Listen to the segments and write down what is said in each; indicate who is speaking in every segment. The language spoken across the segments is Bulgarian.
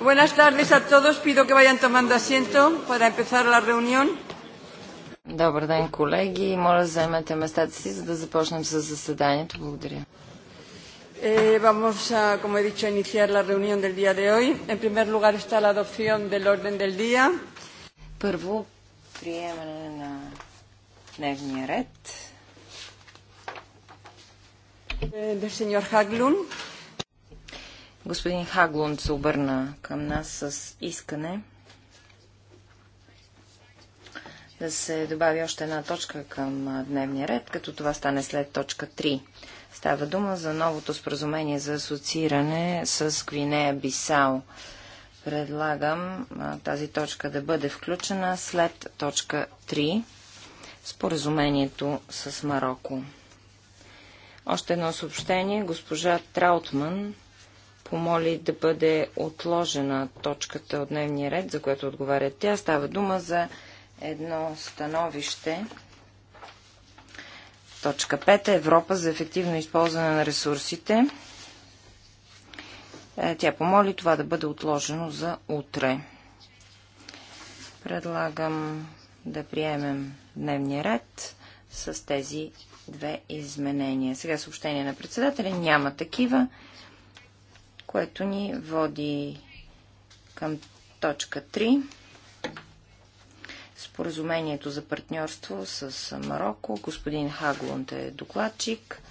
Speaker 1: Buenas tardes a todos. Pido que vayan tomando asiento para empezar la reunión.
Speaker 2: Добър ден, колеги. Моля, займете местата си, за да започнем с заседанието. Благодаря.
Speaker 1: Eh, vamos a, como he dicho, iniciar la reunión del
Speaker 2: día de hoy. En
Speaker 1: primer lugar está la adopción del orden del día.
Speaker 2: Първо, приемане на дневния ред. Eh, del señor Haglund. Господин Хаглунд се обърна към нас с искане да се добави още една точка към дневния ред, като това стане след точка 3. Става дума за новото споразумение за асоцииране с Гвинея Бисао. Предлагам тази точка да бъде включена след точка 3, споразумението с Марокко. Още едно съобщение. Госпожа Траутман помоли да бъде отложена точката от дневния ред, за която отговаря тя. Става дума за едно становище. Точка 5. Е Европа за ефективно използване на ресурсите. Е, тя помоли това да бъде отложено за утре. Предлагам да приемем дневния ред с тези две изменения. Сега съобщение на председателя. Няма такива което ни води към точка 3. Споразумението за партньорство с Марокко. Господин Хаглунд е докладчик.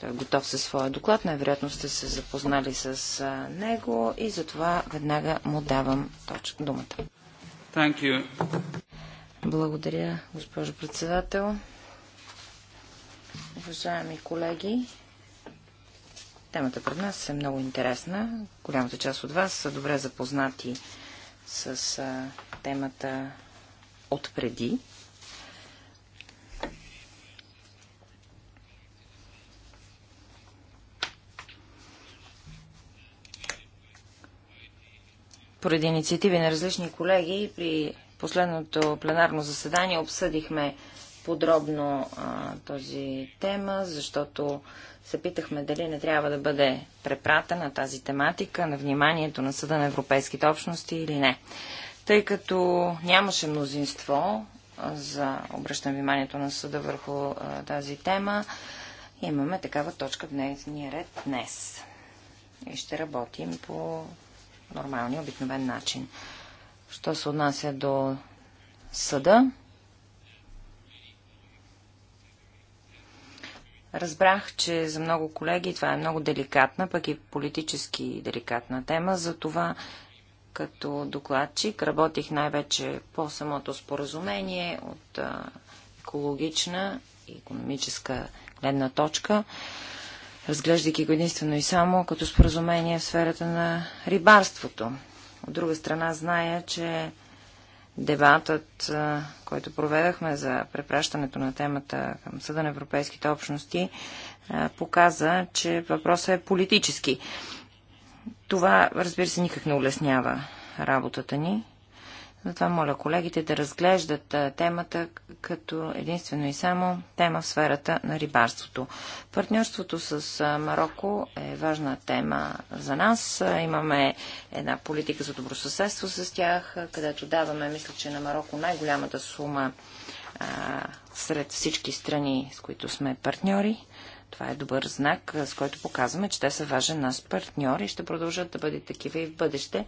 Speaker 2: Той е готов със своя доклад. Най-вероятно сте се запознали с него и затова веднага му давам точка думата. Thank you. Благодаря, госпожо председател. Уважаеми колеги, Темата пред нас е много интересна. Голямата част от вас са добре запознати с а, темата отпреди. Поради инициативи на различни колеги при последното пленарно заседание обсъдихме подробно а, този тема, защото се питахме дали не трябва да бъде препратена тази тематика на вниманието на Съда на Европейските общности или не. Тъй като нямаше мнозинство за обръщам вниманието на Съда върху а, тази тема, имаме такава точка в дневния ред днес. И ще работим по нормалния, обикновен начин. Що се отнася до съда, Разбрах, че за много колеги това е много деликатна, пък и политически деликатна тема, затова като докладчик работих най-вече по самото споразумение от екологична и економическа гледна точка, разглеждайки го единствено и само като споразумение в сферата на рибарството. От друга страна зная, че дебатът, който проведахме за препращането на темата към Съда на Европейските общности, показа, че въпросът е политически. Това, разбира се, никак не улеснява работата ни. Затова моля колегите да разглеждат темата като единствено и само тема в сферата на рибарството. Партньорството с Марокко е важна тема за нас. Имаме една политика за добросъседство с тях, където даваме, мисля, че на Марокко най-голямата сума а, сред всички страни, с които сме партньори. Това е добър знак, с който показваме, че те са важен нас партньор и ще продължат да бъдат такива и в бъдеще,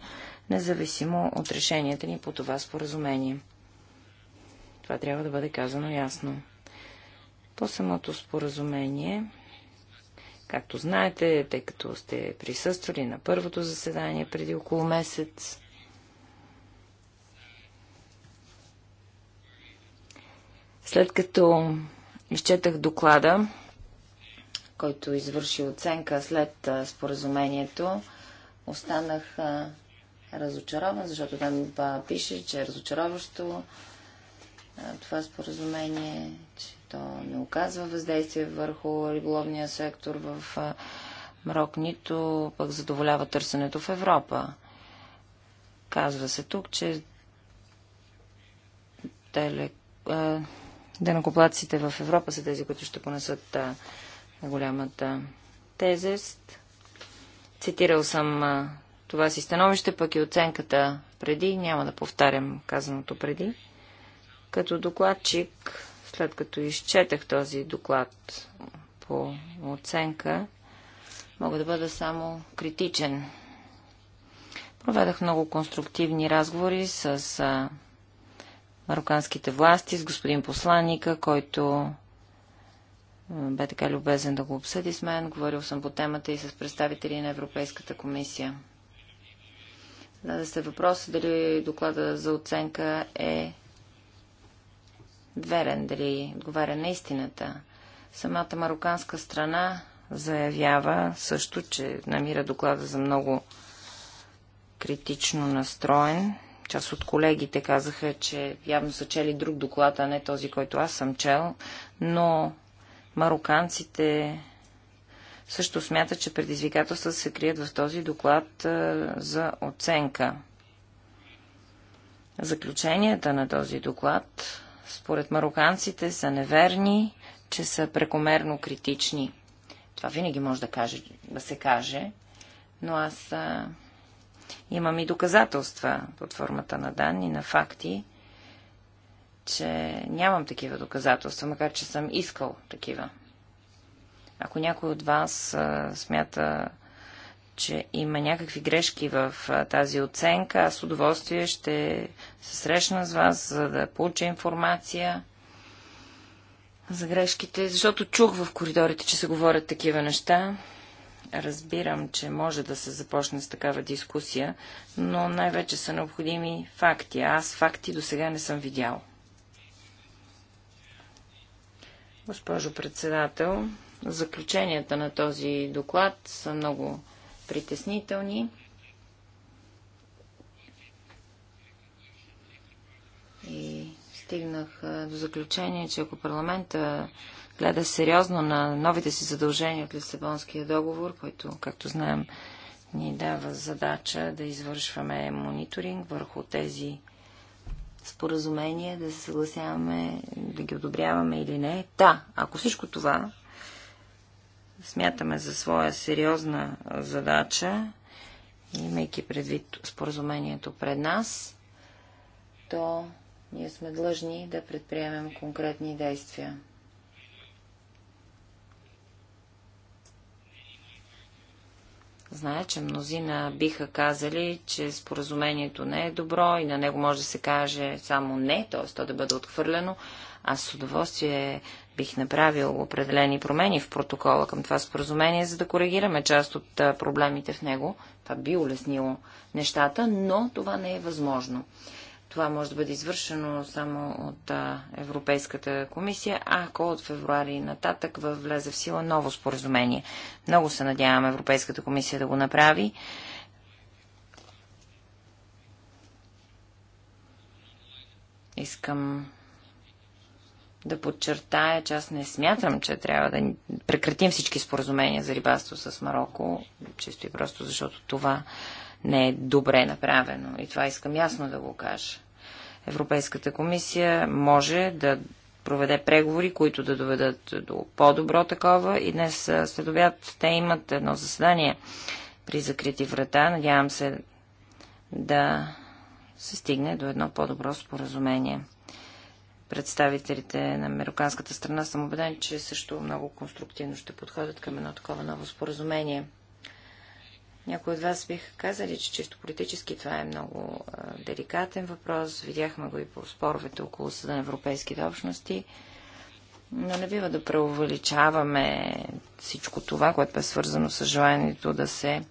Speaker 2: независимо от решенията ни по това споразумение. Това трябва да бъде казано ясно. По самото споразумение, както знаете, тъй като сте присъствали на първото заседание преди около месец, след като изчетах доклада, който извърши оценка след споразумението, останах разочарован, защото там пише, че е разочароващо това споразумение, че то не оказва въздействие върху риболовния сектор в Марок, нито пък задоволява търсенето в Европа. Казва се тук, че теле... денокоплаците в Европа са тези, които ще понесат голямата тезест. Цитирал съм това си становище, пък и оценката преди. Няма да повтарям казаното преди. Като докладчик, след като изчетах този доклад по оценка, мога да бъда само критичен. Проведах много конструктивни разговори с мароканските власти, с господин посланника, който бе така любезен да го обсъди с мен. Говорил съм по темата и с представители на Европейската комисия се въпрос дали доклада за оценка е верен, дали отговаря на истината. Самата мароканска страна заявява също, че намира доклада за много критично настроен. Част от колегите казаха, че явно са чели друг доклад, а не този, който аз съм чел, но мароканците също смята, че предизвикателства се крият в този доклад за оценка. Заключенията на този доклад, според мароканците, са неверни, че са прекомерно критични. Това винаги може да, каже, да се каже, но аз а, имам и доказателства под формата на данни, на факти, че нямам такива доказателства, макар че съм искал такива. Ако някой от вас а, смята, че има някакви грешки в а, тази оценка, аз с удоволствие ще се срещна с вас, за да получа информация за грешките, защото чух в коридорите, че се говорят такива неща. Разбирам, че може да се започне с такава дискусия, но най-вече са необходими факти. Аз факти до сега не съм видял. Госпожо председател, Заключенията на този доклад са много притеснителни. И стигнах до заключение, че ако парламента гледа сериозно на новите си задължения от Лисабонския договор, който, както знаем, ни дава задача да извършваме мониторинг върху тези споразумения, да се съгласяваме да ги одобряваме или не. Да, ако всичко това смятаме за своя сериозна задача, имайки предвид споразумението пред нас, то ние сме длъжни да предприемем конкретни действия. Зная, че мнозина биха казали, че споразумението не е добро и на него може да се каже само не, т.е. то да бъде отхвърлено. Аз с удоволствие бих направил определени промени в протокола към това споразумение, за да коригираме част от проблемите в него. Това би улеснило нещата, но това не е възможно. Това може да бъде извършено само от Европейската комисия, ако от февруари нататък влезе в сила ново споразумение. Много се надявам Европейската комисия да го направи. Искам да подчертая, че аз не смятам, че трябва да прекратим всички споразумения за рибарство с Марокко, чисто и просто защото това не е добре направено. И това искам ясно да го кажа. Европейската комисия може да проведе преговори, които да доведат до по-добро такова. И днес след обяд те имат едно заседание при закрити врата. Надявам се да се стигне до едно по-добро споразумение представителите на американската страна. Съм убеден, че също много конструктивно ще подходят към едно такова ново споразумение. Някои от вас биха казали, че чисто политически това е много а, деликатен въпрос. Видяхме го и по споровете около Съда на Европейските общности. Но не бива да преувеличаваме всичко това, което е свързано с желанието да се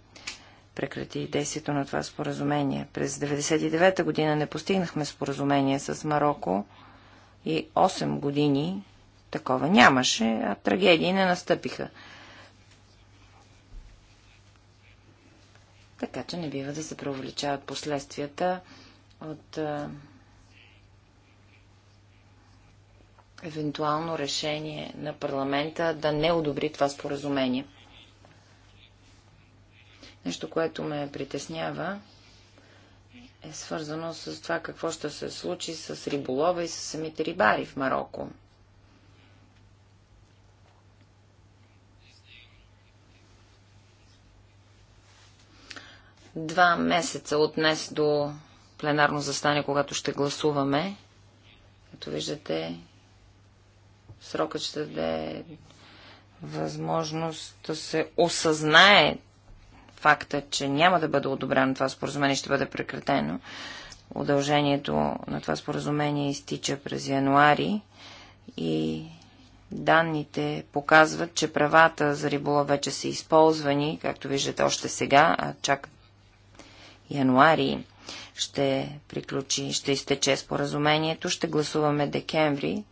Speaker 2: прекрати действието на това споразумение. През 1999 година не постигнахме споразумение с Марокко и 8 години такова нямаше, а трагедии не настъпиха. Така че не бива да се преувеличават последствията от а, евентуално решение на парламента да не одобри това споразумение. Нещо, което ме притеснява е свързано с това какво ще се случи с риболова и с самите рибари в Марокко. Два месеца от днес до пленарно застане, когато ще гласуваме. Като виждате, срокът ще даде възможност да се осъзнае факта, че няма да бъде одобрено това споразумение, ще бъде прекратено. Удължението на това споразумение изтича през януари и данните показват, че правата за рибола вече са използвани, както виждате още сега, а чак януари ще приключи, ще изтече споразумението, ще гласуваме декември.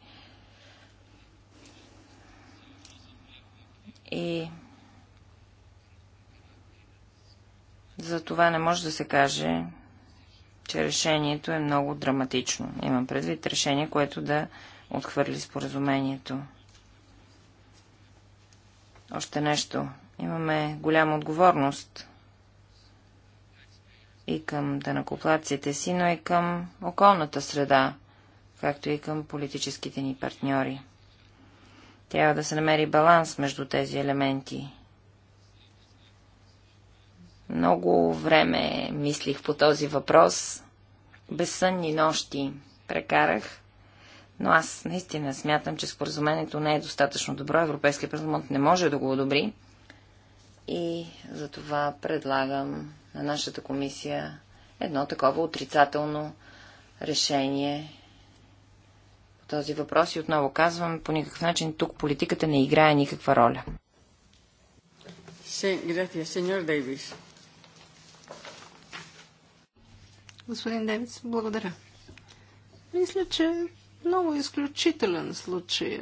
Speaker 2: И За това не може да се каже, че решението е много драматично. Имам предвид решение, което да отхвърли споразумението. Още нещо. Имаме голяма отговорност и към дънакоплаците си, но и към околната среда, както и към политическите ни партньори. Трябва да се намери баланс между тези елементи – много време мислих по този въпрос. Безсънни нощи прекарах. Но аз наистина смятам, че споразумението не е достатъчно добро. Европейския парламент не може да го одобри. И затова предлагам на нашата комисия едно такова отрицателно решение по този въпрос. И отново казвам, по никакъв начин тук политиката не играе никаква роля.
Speaker 1: Sí, gracias, señor Davis.
Speaker 3: Господин Девиц, благодаря. Мисля, че е много изключителен случай. Е.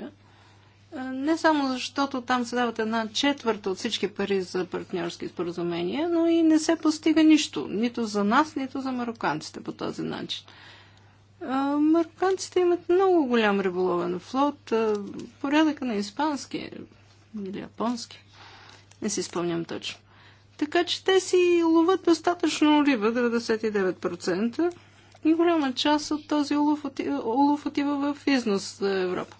Speaker 3: Е, не само защото там се дават една четвърта от всички пари за партньорски споразумения, но и не се постига нищо. Нито за нас, нито за мароканците по този начин. Е, мароканците имат много голям риболовен флот, порядъка на испански или японски. Не си спомням точно. Така че те си ловат достатъчно риба, 99%, и голяма част от този улов отива, улов отива в износ за Европа.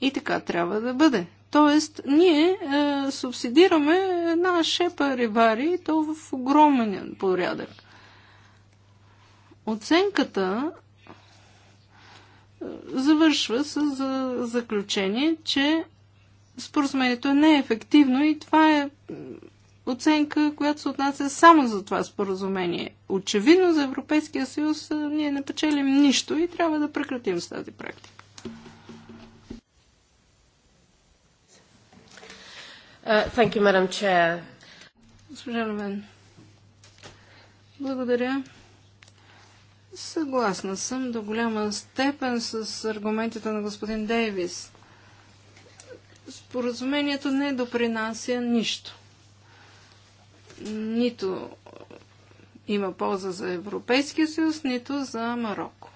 Speaker 3: И така трябва да бъде. Тоест, ние е, субсидираме една шепа рибари, и то в огромен порядък. Оценката е, завършва с за заключение, че споразумението е неефективно и това е оценка, която се отнася само за това споразумение. Очевидно за Европейския съюз ние не печелим нищо и трябва да прекратим с тази практика. Uh, thank you, Madam Chair. Госпожа Левен, благодаря. Съгласна съм до голяма степен с аргументите на господин Дейвис. Споразумението не допринася нищо нито има полза за Европейския съюз, нито за Марокко.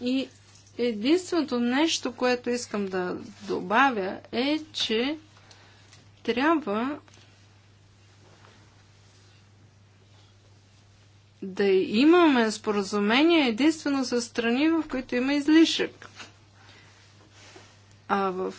Speaker 3: И единственото нещо, което искам да добавя е, че трябва да имаме споразумение единствено с страни, в които има излишък. А в,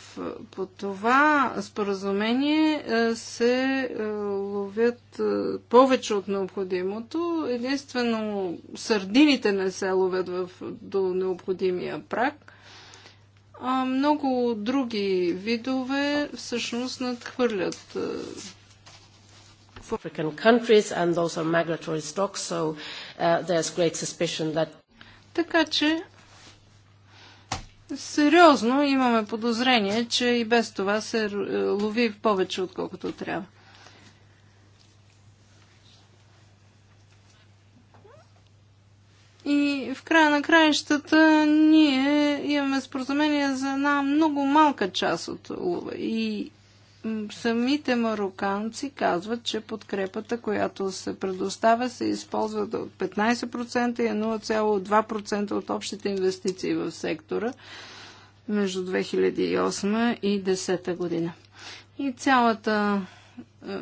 Speaker 3: по това споразумение е, се е, ловят е, повече от необходимото. Единствено сърдините не се ловят в, до необходимия прак. А много други видове всъщност надхвърлят African countries and those are migratory stocks, so uh, there's great suspicion that така че сериозно имаме подозрение, че и без това се е, лови повече, отколкото трябва. И в края на краищата ние имаме споразумение за една много малка част от лова. И самите мароканци казват, че подкрепата, която се предоставя, се използва от 15% и 0,2% е от общите инвестиции в сектора между 2008 и 2010 година. И цялата е,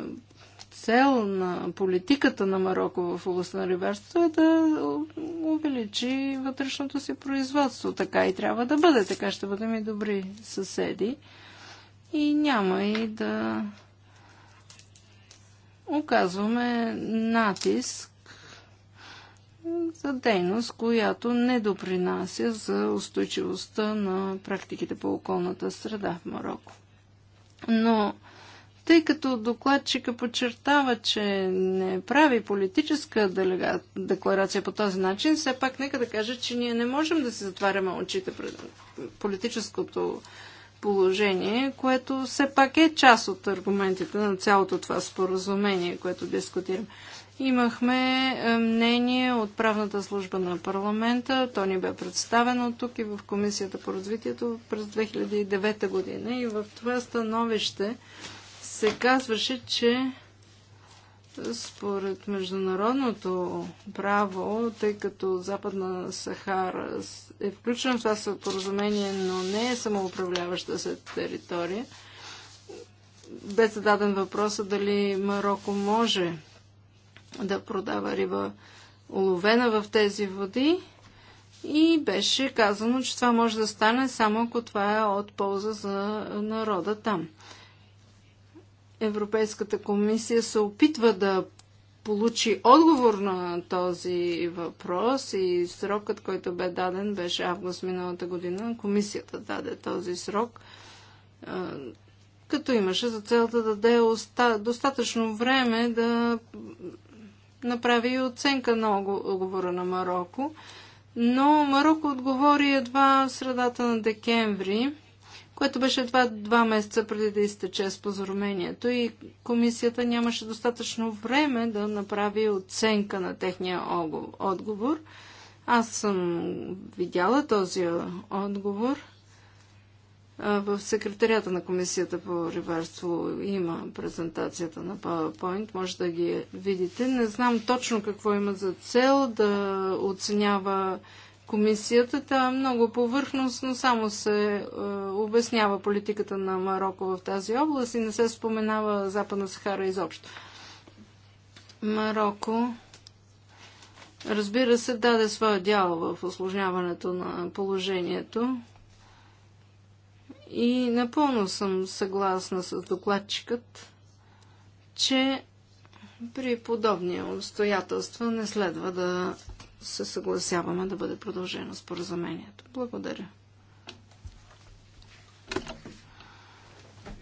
Speaker 3: цел на политиката на Марокко в областта на рибарството е да увеличи вътрешното си производство. Така и трябва да бъде. Така ще бъдем и добри съседи и няма и да оказваме натиск за дейност, която не допринася за устойчивостта на практиките по околната среда в Марокко. Но тъй като докладчика подчертава, че не прави политическа делега... декларация по този начин, все пак нека да кажа, че ние не можем да си затваряме очите пред политическото положение, което все пак е част от аргументите на цялото това споразумение, което дискутирам. Имахме е, мнение от правната служба на парламента. То ни бе представено тук и в Комисията по развитието през 2009 година. И в това становище се казваше, че според международното право, тъй като Западна Сахара е включена в това споразумение, но не е самоуправляваща се територия, бе зададен въпроса дали Марокко може да продава риба уловена в тези води и беше казано, че това може да стане само ако това е от полза за народа там. Европейската комисия се опитва да получи отговор на този въпрос и срокът, който бе даден, беше август миналата година. Комисията даде този срок, като имаше за цел да даде достатъчно време да направи и оценка на оговора на Марокко. Но Марокко отговори едва в средата на декември което беше едва два месеца преди да изтече споразумението и комисията нямаше достатъчно време да направи оценка на техния отговор. Аз съм видяла този отговор. В секретарията на комисията по рибарство има презентацията на PowerPoint, може да ги видите. Не знам точно какво има за цел да оценява комисията. Та много повърхностно само се е, обяснява политиката на Марокко в тази област и не се споменава Западна Сахара изобщо. Марокко разбира се даде своя дял в осложняването на положението. И напълно съм съгласна с докладчикът, че при подобни обстоятелства не следва да се съгласяваме да бъде продължено споразумението. Благодаря.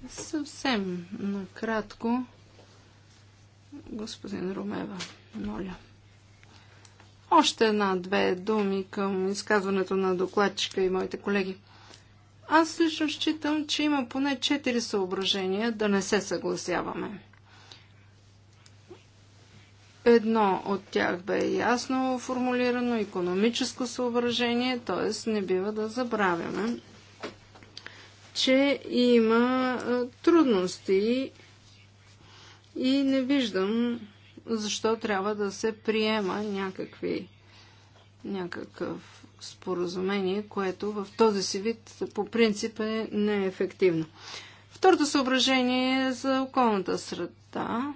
Speaker 3: Съвсем накратко, господин Ромева, моля. Още една-две думи към изказването на докладчика и моите колеги. Аз лично считам, че има поне четири съображения да не се съгласяваме. Едно от тях бе ясно формулирано економическо съображение, т.е. не бива да забравяме, че има трудности и не виждам защо трябва да се приема някакви, някакъв споразумение, което в този си вид по принцип е неефективно. Второто съображение е за околната среда.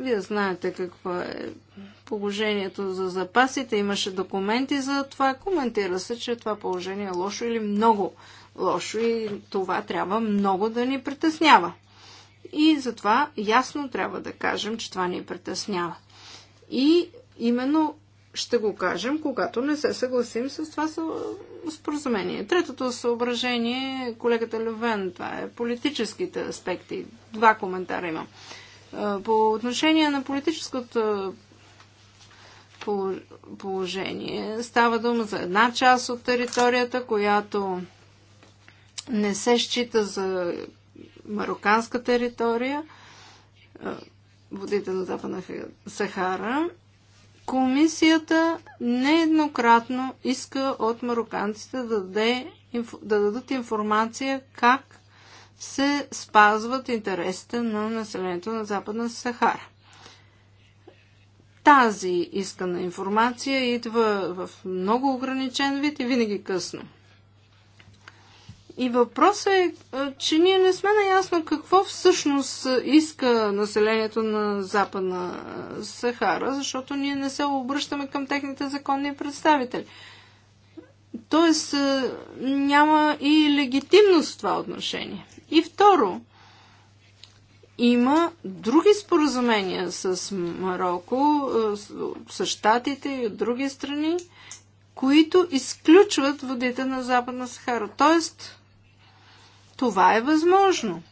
Speaker 3: Вие знаете какво е положението за запасите. Имаше документи за това. Коментира се, че това положение е лошо или много лошо и това трябва много да ни притеснява. И затова ясно трябва да кажем, че това ни притеснява. И именно ще го кажем, когато не се съгласим с това споразумение. Третото съображение, колегата Левен, това е политическите аспекти. Два коментара имам. По отношение на политическото положение, става дума за една част от територията, която не се счита за мароканска територия, водите на Западна Сахара, комисията нееднократно иска от мароканците да, даде, да дадат информация как се спазват интересите на населението на Западна Сахара. Тази искана информация идва в много ограничен вид и винаги късно. И въпросът е, че ние не сме наясно какво всъщност иска населението на Западна Сахара, защото ние не се обръщаме към техните законни представители. Тоест няма и легитимност в това отношение. И второ, има други споразумения с Марокко, с Штатите и от други страни, които изключват водите на Западна Сахара. Тоест, това е възможно.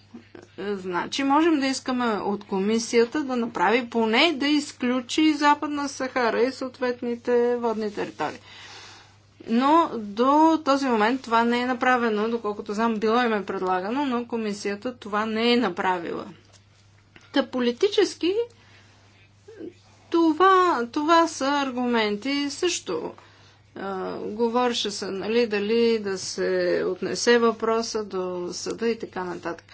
Speaker 3: Значи, можем да искаме от комисията да направи поне да изключи Западна Сахара и съответните водни територии. Но до този момент това не е направено, доколкото знам, било им е предлагано, но комисията това не е направила. Та политически това, това са аргументи също. А, говореше се, нали, дали да се отнесе въпроса до съда и така нататък. А,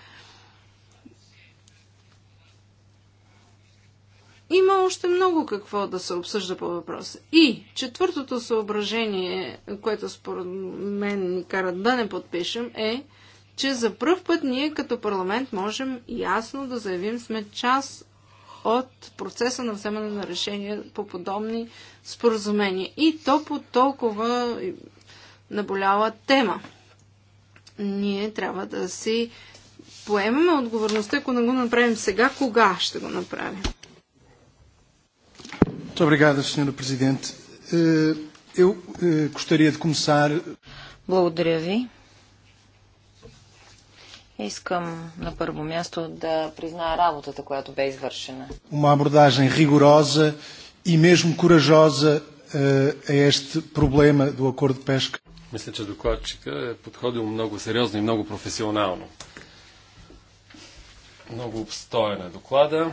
Speaker 3: Има още много какво да се обсъжда по въпроса. И четвъртото съображение, което според мен ни кара да не подпишем, е, че за първ път ние като парламент можем ясно да заявим сме част от процеса на вземане на решения по подобни споразумения. И то по толкова наболява тема. Ние трябва да си поемаме отговорността, ако не го направим сега, кога ще го направим?
Speaker 4: Muito obrigado, Sra. Presidente. Eh, eu eh, gostaria de começar. Благодаря ви.
Speaker 2: Искам на първо място да призная работата, която бе извършена.
Speaker 4: Uma abordagem rigorosa и e mesmo corajosa eh, a este problema do acordo de pesca. Мисля, че докладчика е подходил много сериозно и много професионално. Много обстоен е доклада.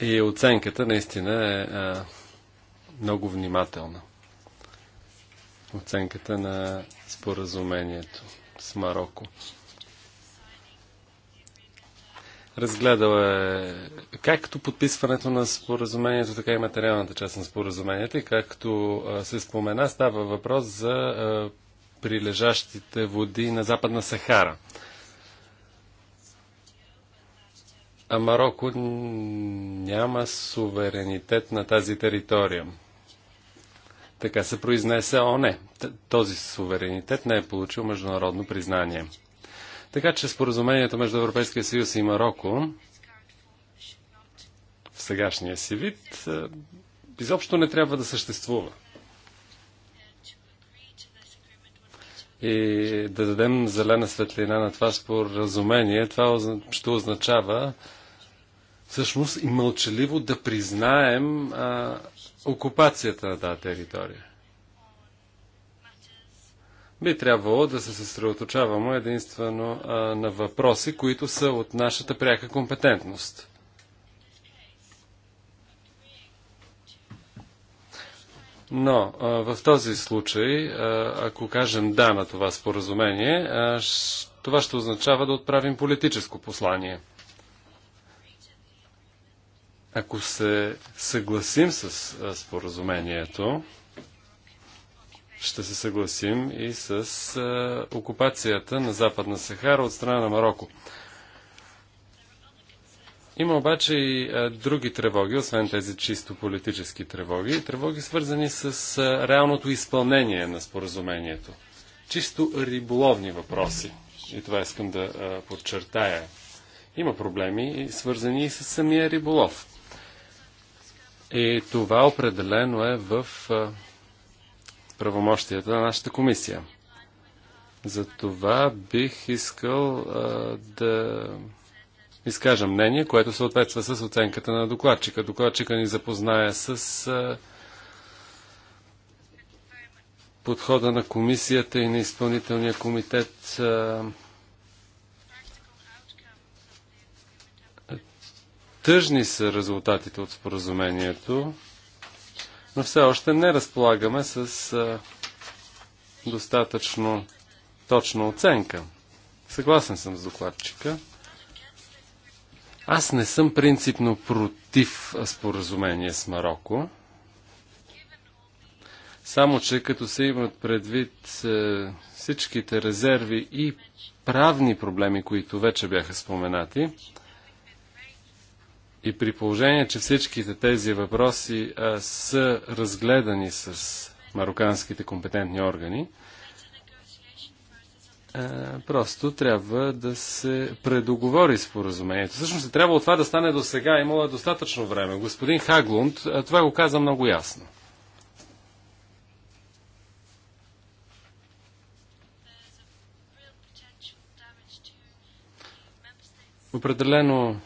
Speaker 4: И оценката наистина е а, много внимателна. Оценката на споразумението с Марокко. Разгледал е както подписването на споразумението, така и материалната част на споразумението. И както а, се спомена, става въпрос за а, прилежащите води на Западна Сахара. а Марокко няма суверенитет на тази територия. Така се произнесе ОНЕ. Този суверенитет не е получил международно признание. Така че споразумението между Европейския съюз и Марокко в сегашния си вид е, изобщо не трябва да съществува. И да дадем зелена светлина на това споразумение, това ще означава всъщност и мълчаливо да признаем а, окупацията на тази територия. Би трябвало да се съсредоточаваме единствено а, на въпроси, които са от нашата пряка компетентност. Но а, в този случай, а, ако кажем да на това споразумение, а, ш, това ще означава да отправим политическо послание – ако се съгласим с споразумението, ще се съгласим и с окупацията на Западна Сахара от страна на Марокко. Има обаче и а, други тревоги, освен тези чисто политически тревоги, тревоги свързани с а, реалното изпълнение на споразумението. Чисто риболовни въпроси. И това искам да а, подчертая. Има проблеми, свързани и с самия риболов. И това определено е в правомощията на нашата комисия. За това бих искал а, да изкажа мнение, което съответства с оценката на докладчика. Докладчика ни запознае с а, подхода на комисията и на изпълнителния комитет а, Тъжни са резултатите от споразумението, но все още не разполагаме с достатъчно точна оценка. Съгласен съм с докладчика. Аз не съм принципно против споразумение с Марокко. Само, че като се имат предвид е, всичките резерви и правни проблеми, които вече бяха споменати, и при положение, че всичките тези въпроси а, са разгледани с мароканските компетентни органи, а, просто трябва да се предоговори споразумението. Всъщност е трябва от това да стане до сега. Имало е достатъчно време. Господин Хаглунд а, това го каза много ясно. Определено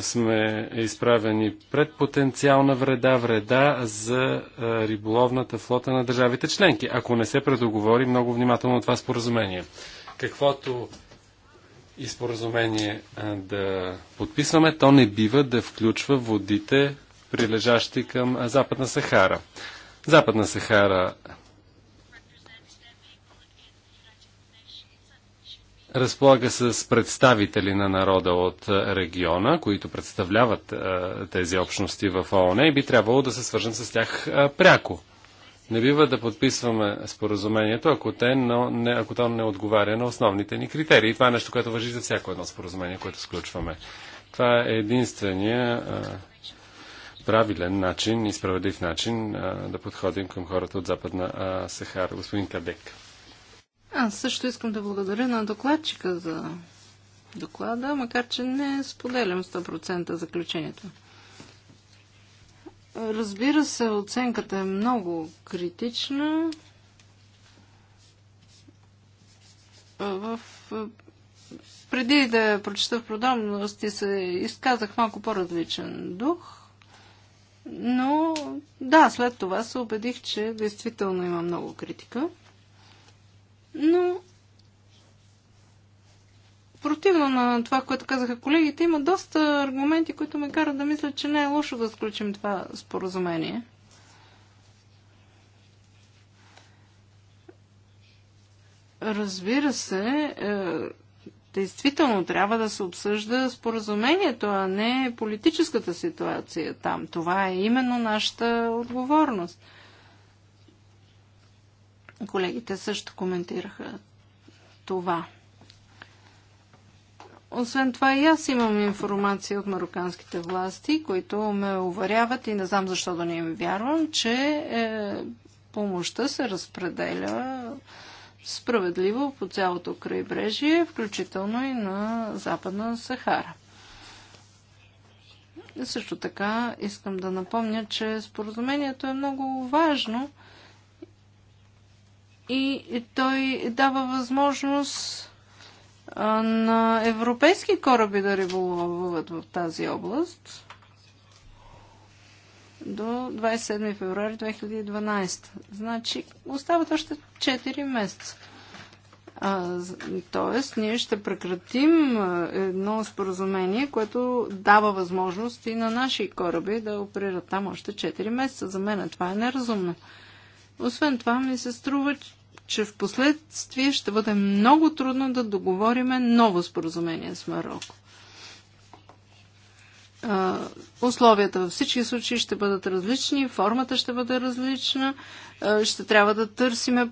Speaker 4: сме изправени пред потенциална вреда, вреда за риболовната флота на държавите членки, ако не се предоговори много внимателно това споразумение. Каквото и споразумение да подписваме, то не бива да включва водите, прилежащи към Западна Сахара. Западна Сахара разполага с представители на народа от е, региона, които представляват е, тези общности в ООН и би трябвало да се свържем с тях е, пряко. Не бива да подписваме споразумението, ако, те, но не, ако то не отговаря на основните ни критерии. Това е нещо, което въжи за всяко едно споразумение, което сключваме. Това е единствения правилен начин и справедлив начин да подходим към хората от Западна Сахара. Господин Кадек.
Speaker 3: Аз също искам да благодаря на докладчика за доклада, макар че не споделям 100% заключението. Разбира се, оценката е много критична. В... Преди да я прочета в продълности, се изказах малко по-различен дух, но да, след това се убедих, че действително има много критика. Но противно на това, което казаха колегите, има доста аргументи, които ме карат да мисля, че не е лошо да сключим това споразумение. Разбира се, е, действително трябва да се обсъжда споразумението, а не политическата ситуация там. Това е именно нашата отговорност. Колегите също коментираха това. Освен това и аз имам информация от мароканските власти, които ме уверяват и не знам защо да не им вярвам, че е, помощта се разпределя справедливо по цялото крайбрежие, включително и на Западна Сахара. също така искам да напомня, че споразумението е много важно – и той дава възможност на европейски кораби да риболовуват в тази област до 27 февруари 2012. Значи остават още 4 месеца. А, тоест, ние ще прекратим едно споразумение, което дава възможност и на наши кораби да оперират там още 4 месеца. За мен това е неразумно. Освен това ми се струва, че в последствие ще бъде много трудно да договориме ново споразумение с Марокко. Условията във всички случаи ще бъдат различни, формата ще бъде различна, ще трябва да търсиме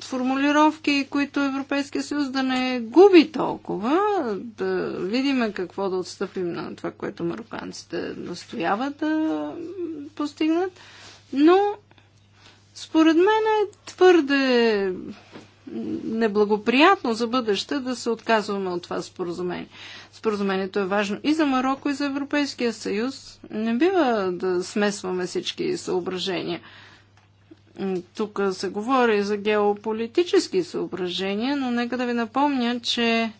Speaker 3: формулировки, които Европейския съюз да не губи толкова, да видим какво да отстъпим на това, което мароканците настояват да постигнат, но според мен е твърде неблагоприятно за бъдеще да се отказваме от това споразумение. Споразумението е важно и за Марокко, и за Европейския съюз. Не бива да смесваме всички съображения. Тук се говори за геополитически съображения, но нека да ви напомня, че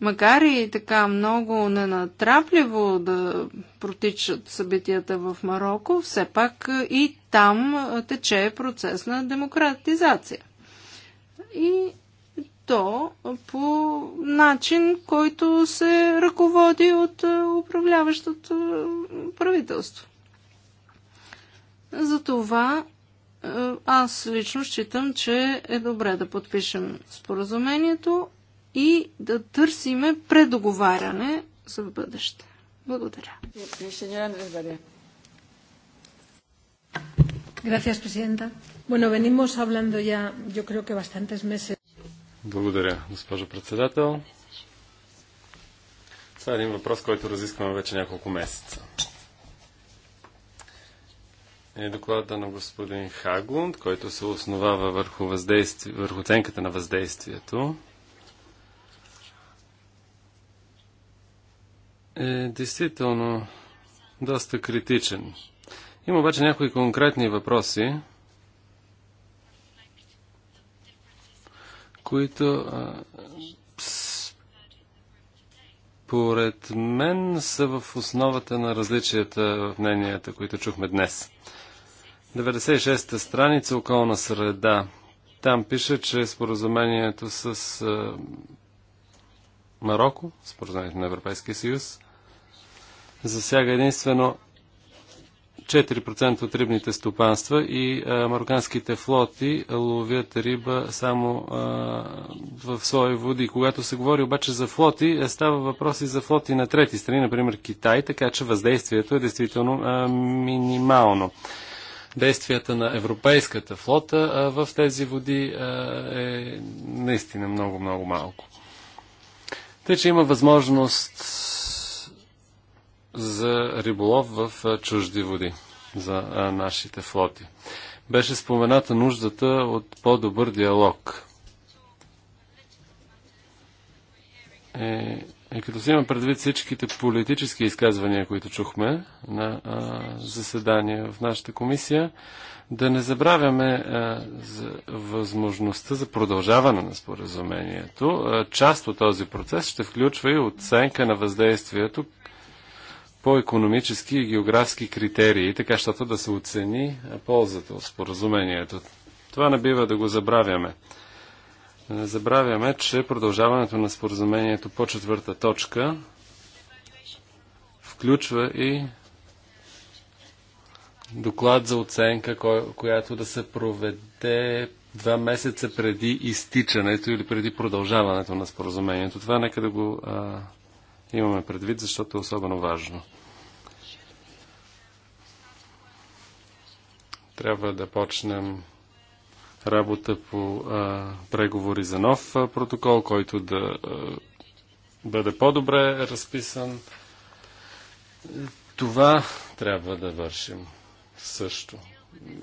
Speaker 3: макар и така много ненатрапливо да протичат събитията в Марокко, все пак и там тече процес на демократизация. И то по начин, който се ръководи от управляващото правителство. Затова аз лично считам, че е добре да подпишем споразумението и да търсиме предоговаряне за бъдеще. Благодаря. Е,
Speaker 1: Gracias, Presidenta. Bueno, venimos hablando ya, yo creo que bastantes meses.
Speaker 4: Благодаря, госпожо председател. Това е един въпрос, който разискваме вече няколко месеца. Е доклада на господин Хаглунд, който се основава върху, върху оценката на въздействието. Е действително доста критичен има обаче някои конкретни въпроси, които според мен са в основата на различията в мненията, които чухме днес. 96-та страница околна среда. Там пише, че споразумението с а, Марокко, споразумението на Европейския съюз, засяга единствено 4% от рибните стопанства и а, мароканските флоти ловят риба само а, в свои води. Когато се говори обаче за флоти, е, става въпрос и за флоти на трети страни, например Китай, така че въздействието е действително а, минимално. Действията на европейската флота а, в тези води а, е наистина много-много малко. Тъй, че има възможност за риболов в чужди води за нашите флоти. Беше спомената нуждата от по-добър диалог. Е, е като си има предвид всичките политически изказвания, които чухме на а, заседание в нашата комисия, да не забравяме а, за възможността за продължаване на споразумението. А, част от този процес ще включва и оценка на въздействието по економически и географски критерии, така щото да се оцени ползата от споразумението. Това не бива да го забравяме. Не забравяме, че продължаването на споразумението по четвърта точка включва и доклад за оценка, която да се проведе два месеца преди изтичането или преди продължаването на споразумението. Това нека да го а, имаме предвид, защото е особено важно. Трябва да почнем работа по а, преговори за нов а, протокол, който да а, бъде по-добре разписан. Това трябва да вършим също.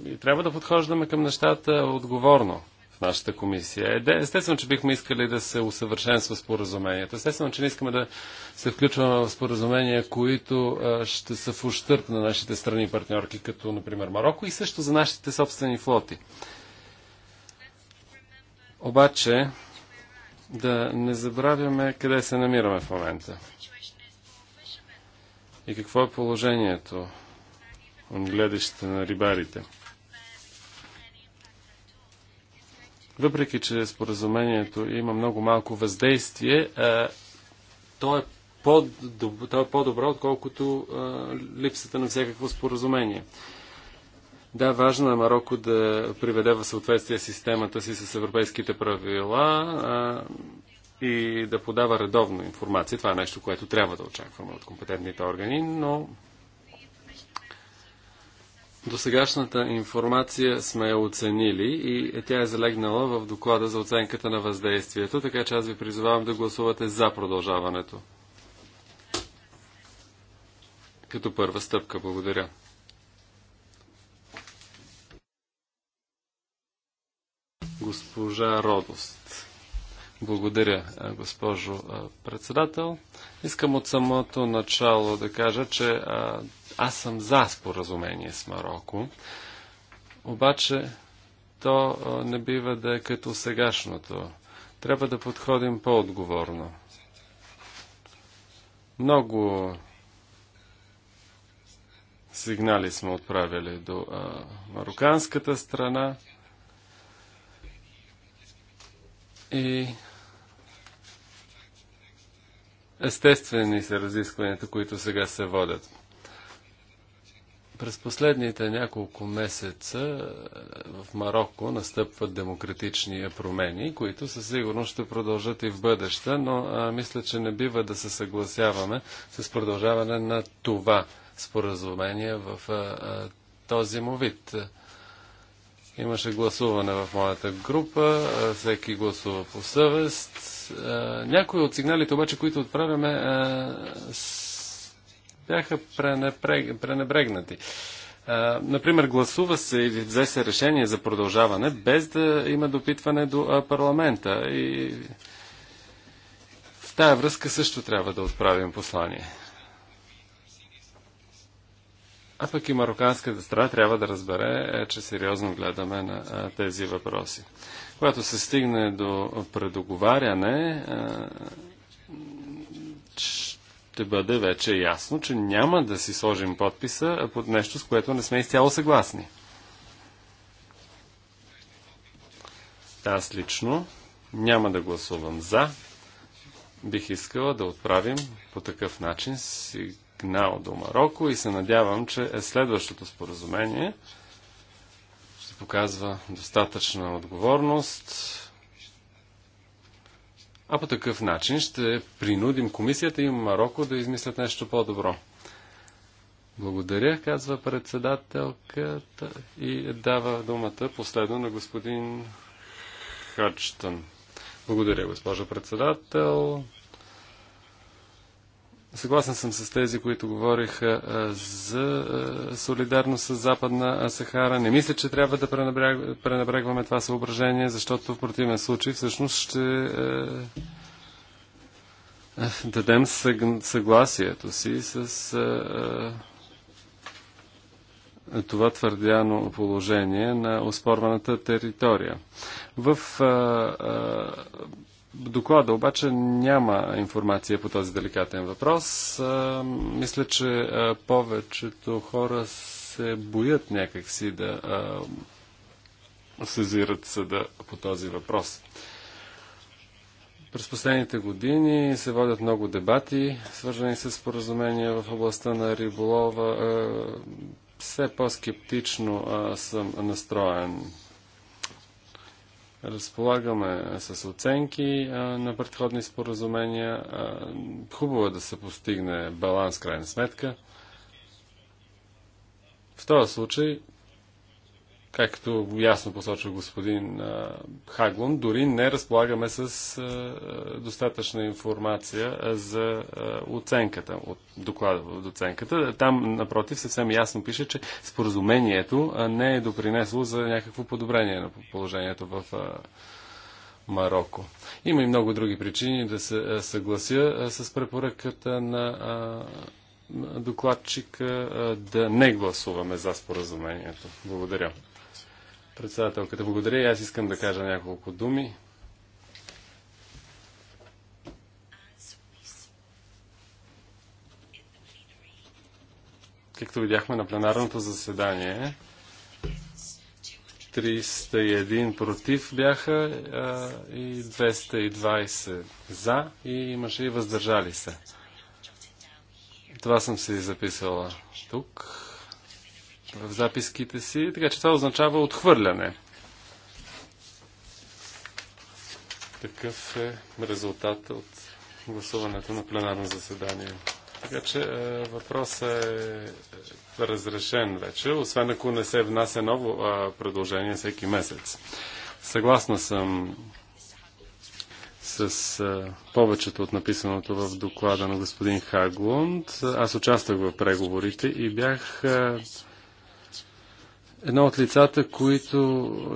Speaker 4: И трябва да подхождаме към нещата отговорно нашата комисия. Е, естествено, че бихме искали да се усъвършенства споразумението. Естествено, че не искаме да се включваме в споразумения, които ще са в ущърп на нашите страни партньорки, като, например, Марокко и също за нашите собствени флоти. Обаче, да не забравяме къде се намираме в момента. И какво е положението от гледащите на рибарите. Въпреки, че споразумението има много малко въздействие, е, то е по-добро, е по отколкото е, липсата на всякакво споразумение. Да, важно е Марокко да приведе в съответствие системата си с европейските правила а, е, и да подава редовно информация. Това е нещо, което трябва да очакваме от компетентните органи, но Досегашната информация сме я оценили и тя е залегнала в доклада за оценката на въздействието, така че аз ви призовавам да гласувате за продължаването. Като първа стъпка, благодаря. Госпожа Родост. Благодаря, госпожо председател. Искам от самото начало да кажа, че а, аз съм за споразумение с Марокко, обаче то не бива да е като сегашното. Трябва да подходим по-отговорно. Много сигнали сме отправили до а, мароканската страна и естествени са разискванията, които сега се водят. През последните няколко месеца е, в Марокко настъпват демократични промени, които със сигурност ще продължат и в бъдеще, но а, мисля, че не бива да се съгласяваме с продължаване на това споразумение в а, а, този му вид. Имаше гласуване в моята група, всеки гласува по съвест. Някои от сигналите обаче, които отправяме, бяха пренебрегнати. Например, гласува се или взе се решение за продължаване, без да има допитване до парламента. И в тая връзка също трябва да отправим послание. А пък и мароканската страна трябва да разбере, е, че сериозно гледаме на тези въпроси. Когато се стигне до предоговаряне, ще бъде вече ясно, че няма да си сложим подписа под нещо, с което не сме изцяло съгласни. Аз лично няма да гласувам за. Бих искала да отправим по такъв начин сигнал до Марокко и се надявам, че е следващото споразумение ще показва достатъчна отговорност, а по такъв начин ще принудим комисията и Марокко да измислят нещо по-добро. Благодаря, казва председателката и дава думата последно на господин Хачтън. Благодаря, госпожо председател. Съгласен съм с тези, които говориха за солидарност с Западна Сахара. Не мисля, че трябва да пренебрегваме това съображение, защото в противен случай всъщност ще дадем съгласието си с това твърдяно положение на оспорваната територия. В доклада обаче няма информация по този деликатен въпрос. Мисля, че повечето хора се боят някакси да сезират съда по този въпрос. През последните години се водят много дебати, свързани с споразумения в областта на риболова. Е, все по-скептично съм настроен разполагаме с оценки на предходни споразумения. хубаво е да се постигне баланс, крайна сметка. В този случай Както ясно посочва господин Хаглун, дори не разполагаме с достатъчна информация за оценката от доклада от оценката. Там, напротив, съвсем ясно пише, че споразумението не е допринесло за някакво подобрение на положението в Марокко. Има и много други причини да се съглася с препоръката на докладчика да не гласуваме за споразумението. Благодаря. Председателката, благодаря. Аз искам да кажа няколко думи. Както видяхме на пленарното заседание, 301 против бяха а, и 220 за и имаше и въздържали се. Това съм се и записала тук в записките си, така че това означава отхвърляне. Такъв е резултат от гласуването на пленарно заседание. Така че е, въпросът е, е разрешен вече, освен ако не се внася ново предложение всеки месец. Съгласна съм с е, повечето от написаното в доклада на господин Хаглунд. Аз участвах в преговорите и бях едно от лицата, които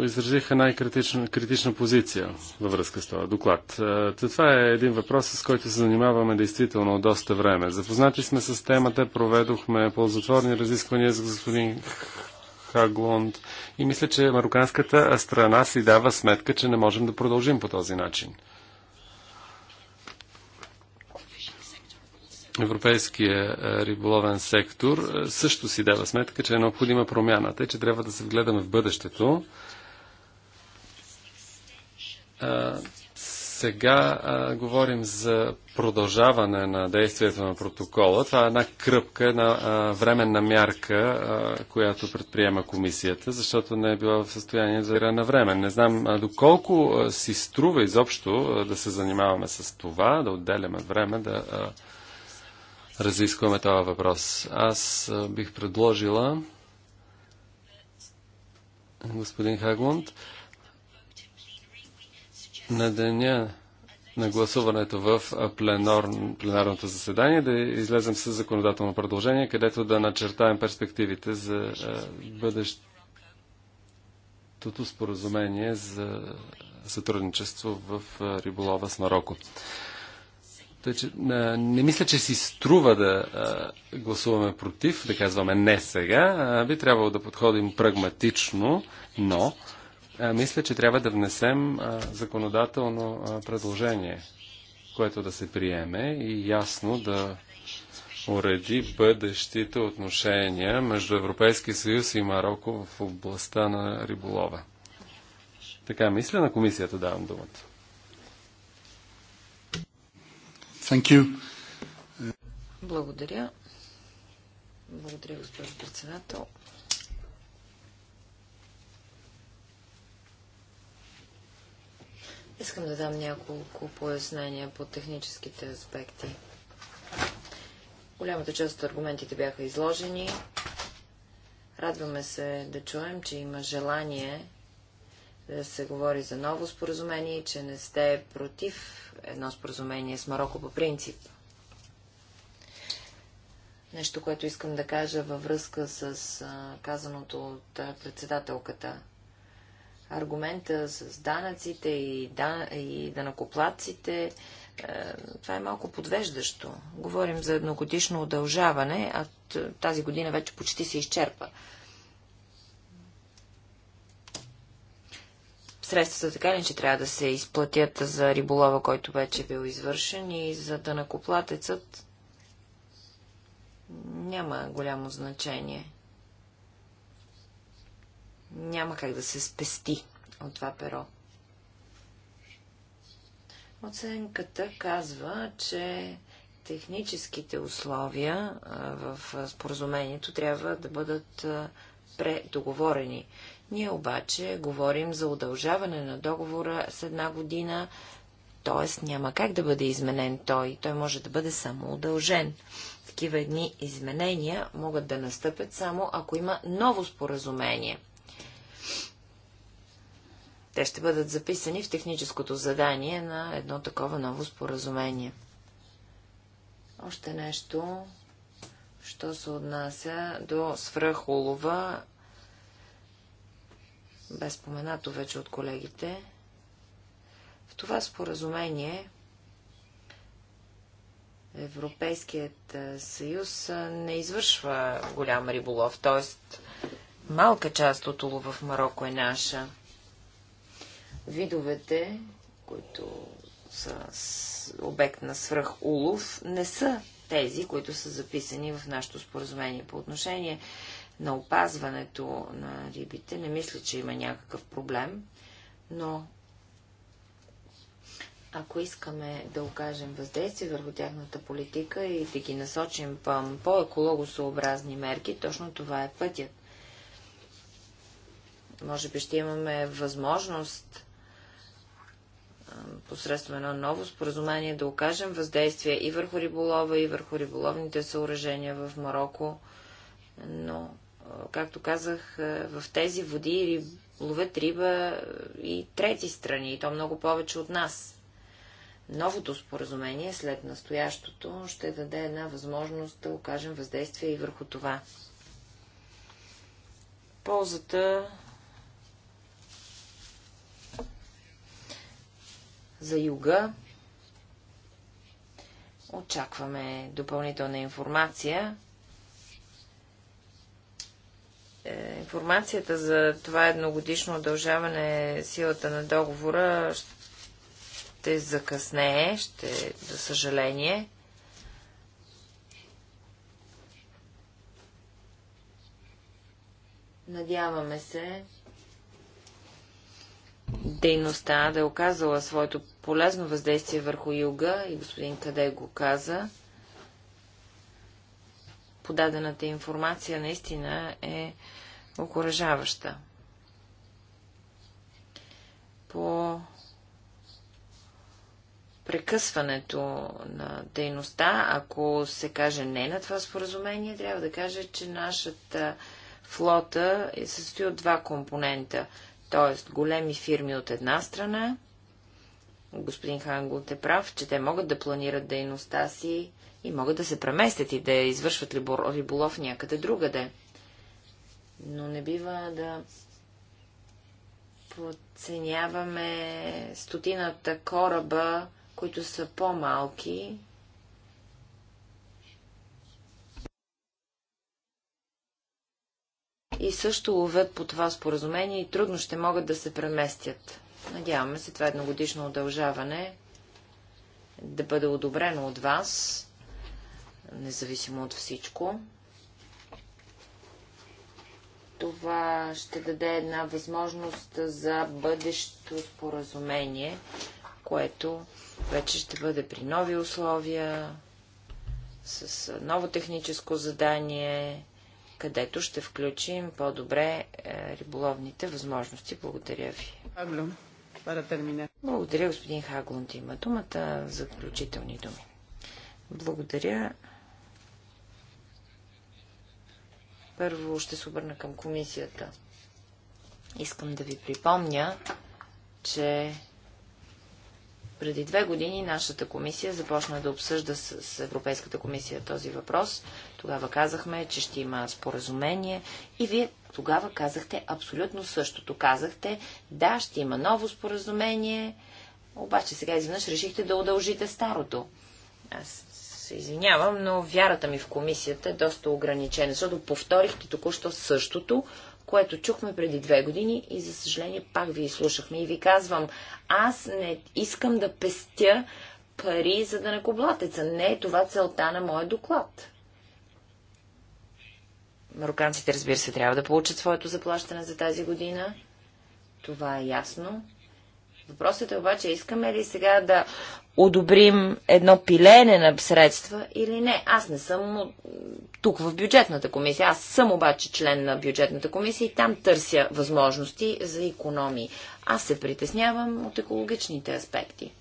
Speaker 4: изразиха най-критична позиция във връзка с този доклад. Е, това е един въпрос, с който се занимаваме действително доста време. Запознати сме с темата, проведохме ползотворни разисквания с господин Хаглонд и мисля, че мароканската страна си дава сметка, че не можем да продължим по този начин. европейския е, риболовен сектор е, също си дава сметка, че е необходима промяната и че трябва да се вгледаме в бъдещето. Е, сега а, говорим за продължаване на действието на протокола. Това е една кръпка, една а, временна мярка, а, която предприема комисията, защото не е била в състояние за на време. Не знам а, доколко а, си струва изобщо а, да се занимаваме с това, да отделяме време, да. А, разискваме това въпрос. Аз бих предложила господин Хаглунд на деня на гласуването в пленор, пленарното заседание да излезем с законодателно продължение, където да начертаем перспективите за бъдещото споразумение за сътрудничество в риболова с Марокко. Тъй, че, не, не мисля, че си струва да а, гласуваме против, да казваме не сега. А, би трябвало да подходим прагматично, но а, мисля, че трябва да внесем а, законодателно а, предложение, което да се приеме и ясно да уреди бъдещите отношения между Европейския съюз и Марокко в областта на риболова. Така мисля, на комисията давам думата.
Speaker 2: Благодаря. Благодаря, госпожо председател. Искам да дам няколко пояснения по техническите аспекти. Голямата част от аргументите бяха изложени. Радваме се да чуем, че има желание се говори за ново споразумение и че не сте против едно споразумение с Марокко по принцип. Нещо, което искам да кажа във връзка с казаното от председателката. Аргумента с данъците и, да, и данакоплаците, е, това е малко подвеждащо. Говорим за едногодишно удължаване, а тази година вече почти се изчерпа Средствата така ли, че трябва да се изплатят за риболова, който вече е бил извършен и за дънакоплатецът няма голямо значение. Няма как да се спести от това перо. Оценката казва, че техническите условия в споразумението трябва да бъдат предоговорени. Ние обаче говорим за удължаване на договора с една година, т.е. няма как да бъде изменен той. Той може да бъде само удължен. Такива едни изменения могат да настъпят само ако има ново споразумение. Те ще бъдат записани в техническото задание на едно такова ново споразумение. Още нещо, що се отнася до свръхулова бе споменато вече от колегите, в това споразумение Европейският съюз не извършва голям риболов, т.е. малка част от улова в Марокко е наша. Видовете, които са обект на свръхулов, не са тези, които са записани в нашето споразумение. По отношение на опазването на рибите, не мисля, че има някакъв проблем, но ако искаме да окажем въздействие върху тяхната политика и да ги насочим към по-екологосообразни мерки, точно това е пътят. Може би ще имаме възможност посредством едно ново споразумение да окажем въздействие и върху риболова, и върху риболовните съоръжения в Марокко, но както казах, е, в тези води ловят риба е, и трети страни, и то много повече от нас. Новото споразумение, след настоящото, ще даде една възможност да окажем въздействие и върху това. Ползата за юга. Очакваме допълнителна информация. Е, информацията за това едногодишно удължаване силата на договора ще закъснее, ще, за съжаление. Надяваме се дейността да е оказала своето полезно въздействие върху юга и господин Къде го каза подадената информация наистина е окоръжаваща. По прекъсването на дейността, ако се каже не на това споразумение, трябва да кажа, че нашата флота е състои от два компонента, т.е. големи фирми от една страна, господин Хангулт е прав, че те могат да планират дейността си и могат да се преместят и да извършват риболов някъде другаде. Но не бива да подценяваме стотината кораба, които са по-малки. И също ловят по това споразумение и трудно ще могат да се преместят. Надяваме се това едногодишно удължаване да бъде одобрено от вас независимо от всичко. Това ще даде една възможност за бъдещо споразумение, което вече ще бъде при нови условия, с ново техническо задание, където ще включим по-добре е, риболовните възможности. Благодаря ви. Благодаря, господин Хаглунд. Има думата за заключителни думи. Благодаря. Първо ще се обърна към комисията. Искам да ви припомня, че преди две години нашата комисия започна да обсъжда с Европейската комисия този въпрос. Тогава казахме, че ще има споразумение и вие тогава казахте абсолютно същото. Казахте, да, ще има ново споразумение, обаче сега изведнъж решихте да удължите старото. Аз се извинявам, но вярата ми в комисията е доста ограничена, защото повторихте току-що същото, което чухме преди две години и, за съжаление, пак ви изслушахме и ви казвам, аз не искам да пестя пари за да коблатеца. Не е това целта на моят доклад. Мароканците, разбира се, трябва да получат своето заплащане за тази година. Това е ясно. Въпросът е обаче, искаме ли сега да одобрим едно пилене на средства или не. Аз не съм тук в бюджетната комисия. Аз съм обаче член на бюджетната комисия и там търся възможности за економии. Аз се притеснявам от екологичните аспекти.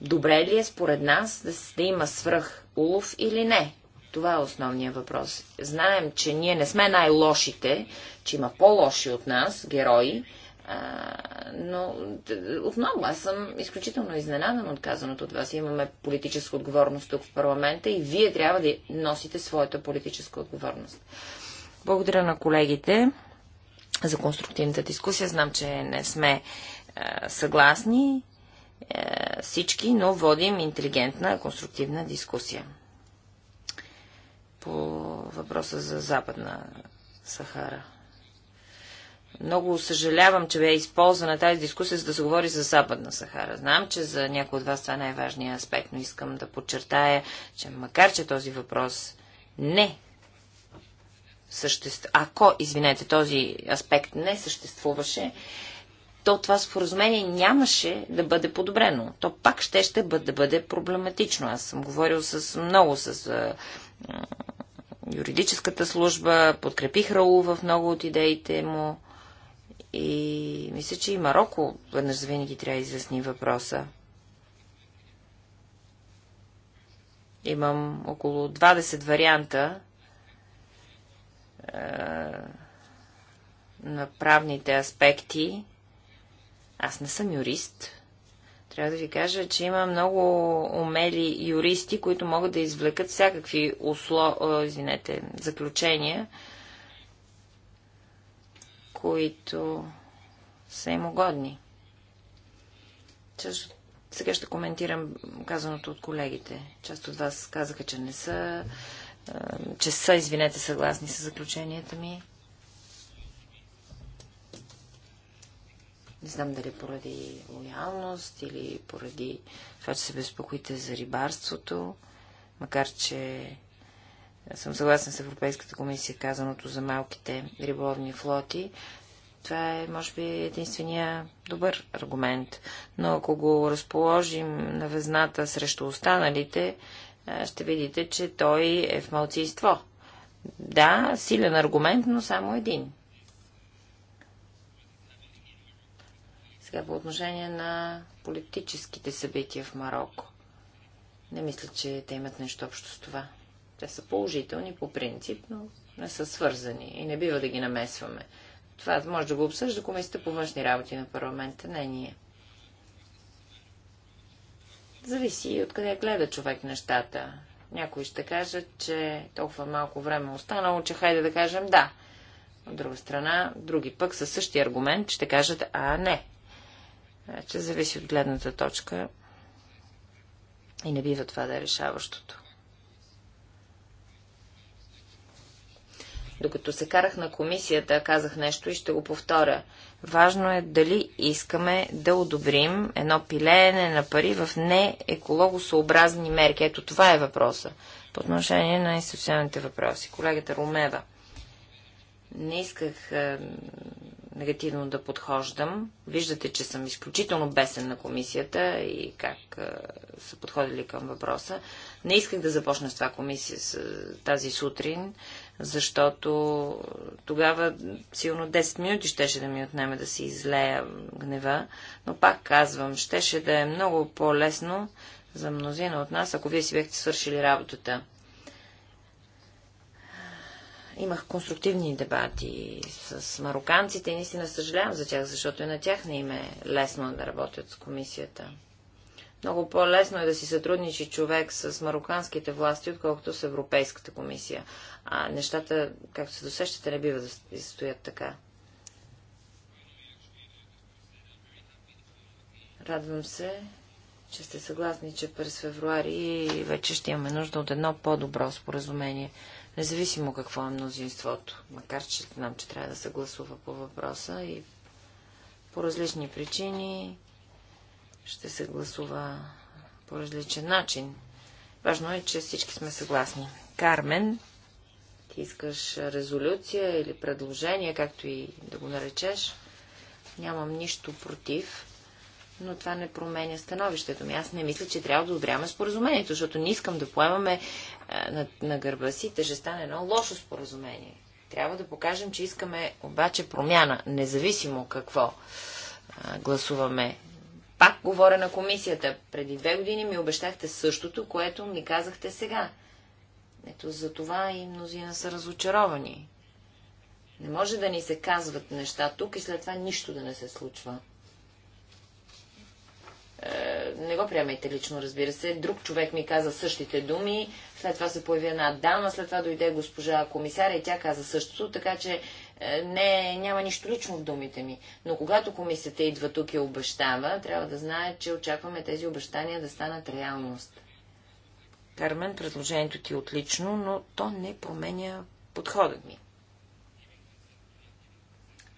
Speaker 2: Добре ли е според нас да, да има свръх улов или не? Това е основният въпрос. Знаем, че ние не сме най-лошите, че има по-лоши от нас герои, но отново аз съм изключително изненадан от казаното от вас. Имаме политическа отговорност тук в парламента и вие трябва да носите своята политическа отговорност. Благодаря на колегите за конструктивната дискусия. Знам, че не сме е, съгласни е, всички, но водим интелигентна, конструктивна дискусия по въпроса за Западна Сахара. Много съжалявам, че бе използвана тази дискусия, за да се говори за Западна Сахара. Знам, че за някои от вас това е най-важният аспект, но искам да подчертая, че макар, че този въпрос не съществува, ако, извинете, този аспект не съществуваше, то това споразумение нямаше да бъде подобрено. То пак ще ще бъде, да бъде проблематично. Аз съм говорил с много с юридическата служба, подкрепих Рау в много от идеите му. И мисля, че и Марокко веднъж завинаги трябва да изясни въпроса. Имам около 20 варианта е, на правните аспекти. Аз не съм юрист. Трябва да ви кажа, че има много умели юристи, които могат да извлекат всякакви усло... извинете, заключения които са им угодни. Също сега ще коментирам казаното от колегите. Част от вас казаха, че не са, че са, извинете, съгласни с заключенията ми. Не знам дали поради лоялност или поради това, че се безпокоите за рибарството, макар че съм съгласен с Европейската комисия, казаното за малките риболовни флоти. Това е, може би, единствения добър аргумент. Но ако го разположим на везната срещу останалите, ще видите, че той е в малцинство. Да, силен аргумент, но само един. Сега по отношение на политическите събития в Марокко. Не мисля, че те имат нещо общо с това. Те са положителни по принцип, но не са свързани и не бива да ги намесваме. Това може да го обсъжда Комисията по външни работи на парламента, не ние. Зависи и откъде гледа човек нещата. Някои ще кажат, че толкова малко време е останало, че хайде да кажем да. От друга страна, други пък със същия аргумент ще кажат а не. Че значи, зависи от гледната точка и не бива това да е решаващото. Докато се карах на комисията, казах нещо и ще го повторя. Важно е дали искаме да одобрим едно пилеене на пари в неекологосообразни мерки. Ето това е въпроса по отношение на институционалните въпроси. Колегата Румева, не исках е, негативно да подхождам. Виждате, че съм изключително бесен на комисията и как е, са подходили към въпроса. Не исках да започна с това комисия с, е, тази сутрин защото тогава силно 10 минути щеше да ми отнеме да си излея гнева, но пак казвам, щеше да е много по-лесно за мнозина от нас, ако вие си бяхте свършили работата. Имах конструктивни дебати с мароканците и наистина съжалявам за тях, защото и на тях не им е лесно да работят с комисията. Много по-лесно е да си сътрудничи човек с мароканските власти, отколкото с Европейската комисия. А нещата, както се досещате, не бива да стоят така. Радвам се, че сте съгласни, че през февруари вече ще имаме нужда от едно по-добро споразумение, независимо какво е мнозинството, макар че знам, че трябва да се гласува по въпроса и по различни причини ще се гласува по различен начин. Важно е, че всички сме съгласни. Кармен искаш резолюция или предложение, както и да го наречеш, нямам нищо против, но това не променя становището ми. Аз не мисля, че трябва да одобряваме споразумението, защото не искам да поемаме а, е, на, на гърба си тежестта на едно лошо споразумение. Трябва да покажем, че искаме обаче промяна, независимо какво а, е, гласуваме. Пак говоря на комисията. Преди две години ми обещахте същото, което ми казахте сега. Ето за това и мнозина са разочаровани. Не може да ни се казват неща тук и след това нищо да не се случва. Е, не го приемайте лично, разбира се. Друг човек ми каза същите думи, след това се появи една дама, след това дойде госпожа комисаря и тя каза същото, така че е, не, няма нищо лично в думите ми. Но когато комисията идва тук и обещава, трябва да знае, че очакваме тези обещания да станат реалност. Кармен, предложението ти е отлично, но то не променя подходът ми.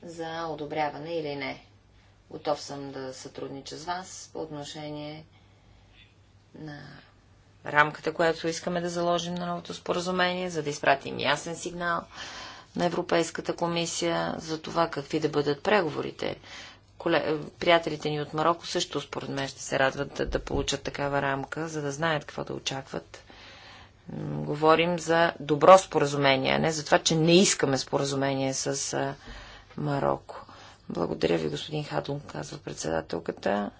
Speaker 2: За одобряване или не. Готов съм да сътруднича с вас по отношение на рамката, която искаме да заложим на новото споразумение, за да изпратим ясен сигнал на Европейската комисия за това какви да бъдат преговорите е, приятелите ни от Марокко също, според мен, ще се радват да, да получат такава рамка, за да знаят какво да очакват. Говорим за добро споразумение, а не за това, че не искаме споразумение с Марокко. Благодаря ви, господин Хадун, казва председателката.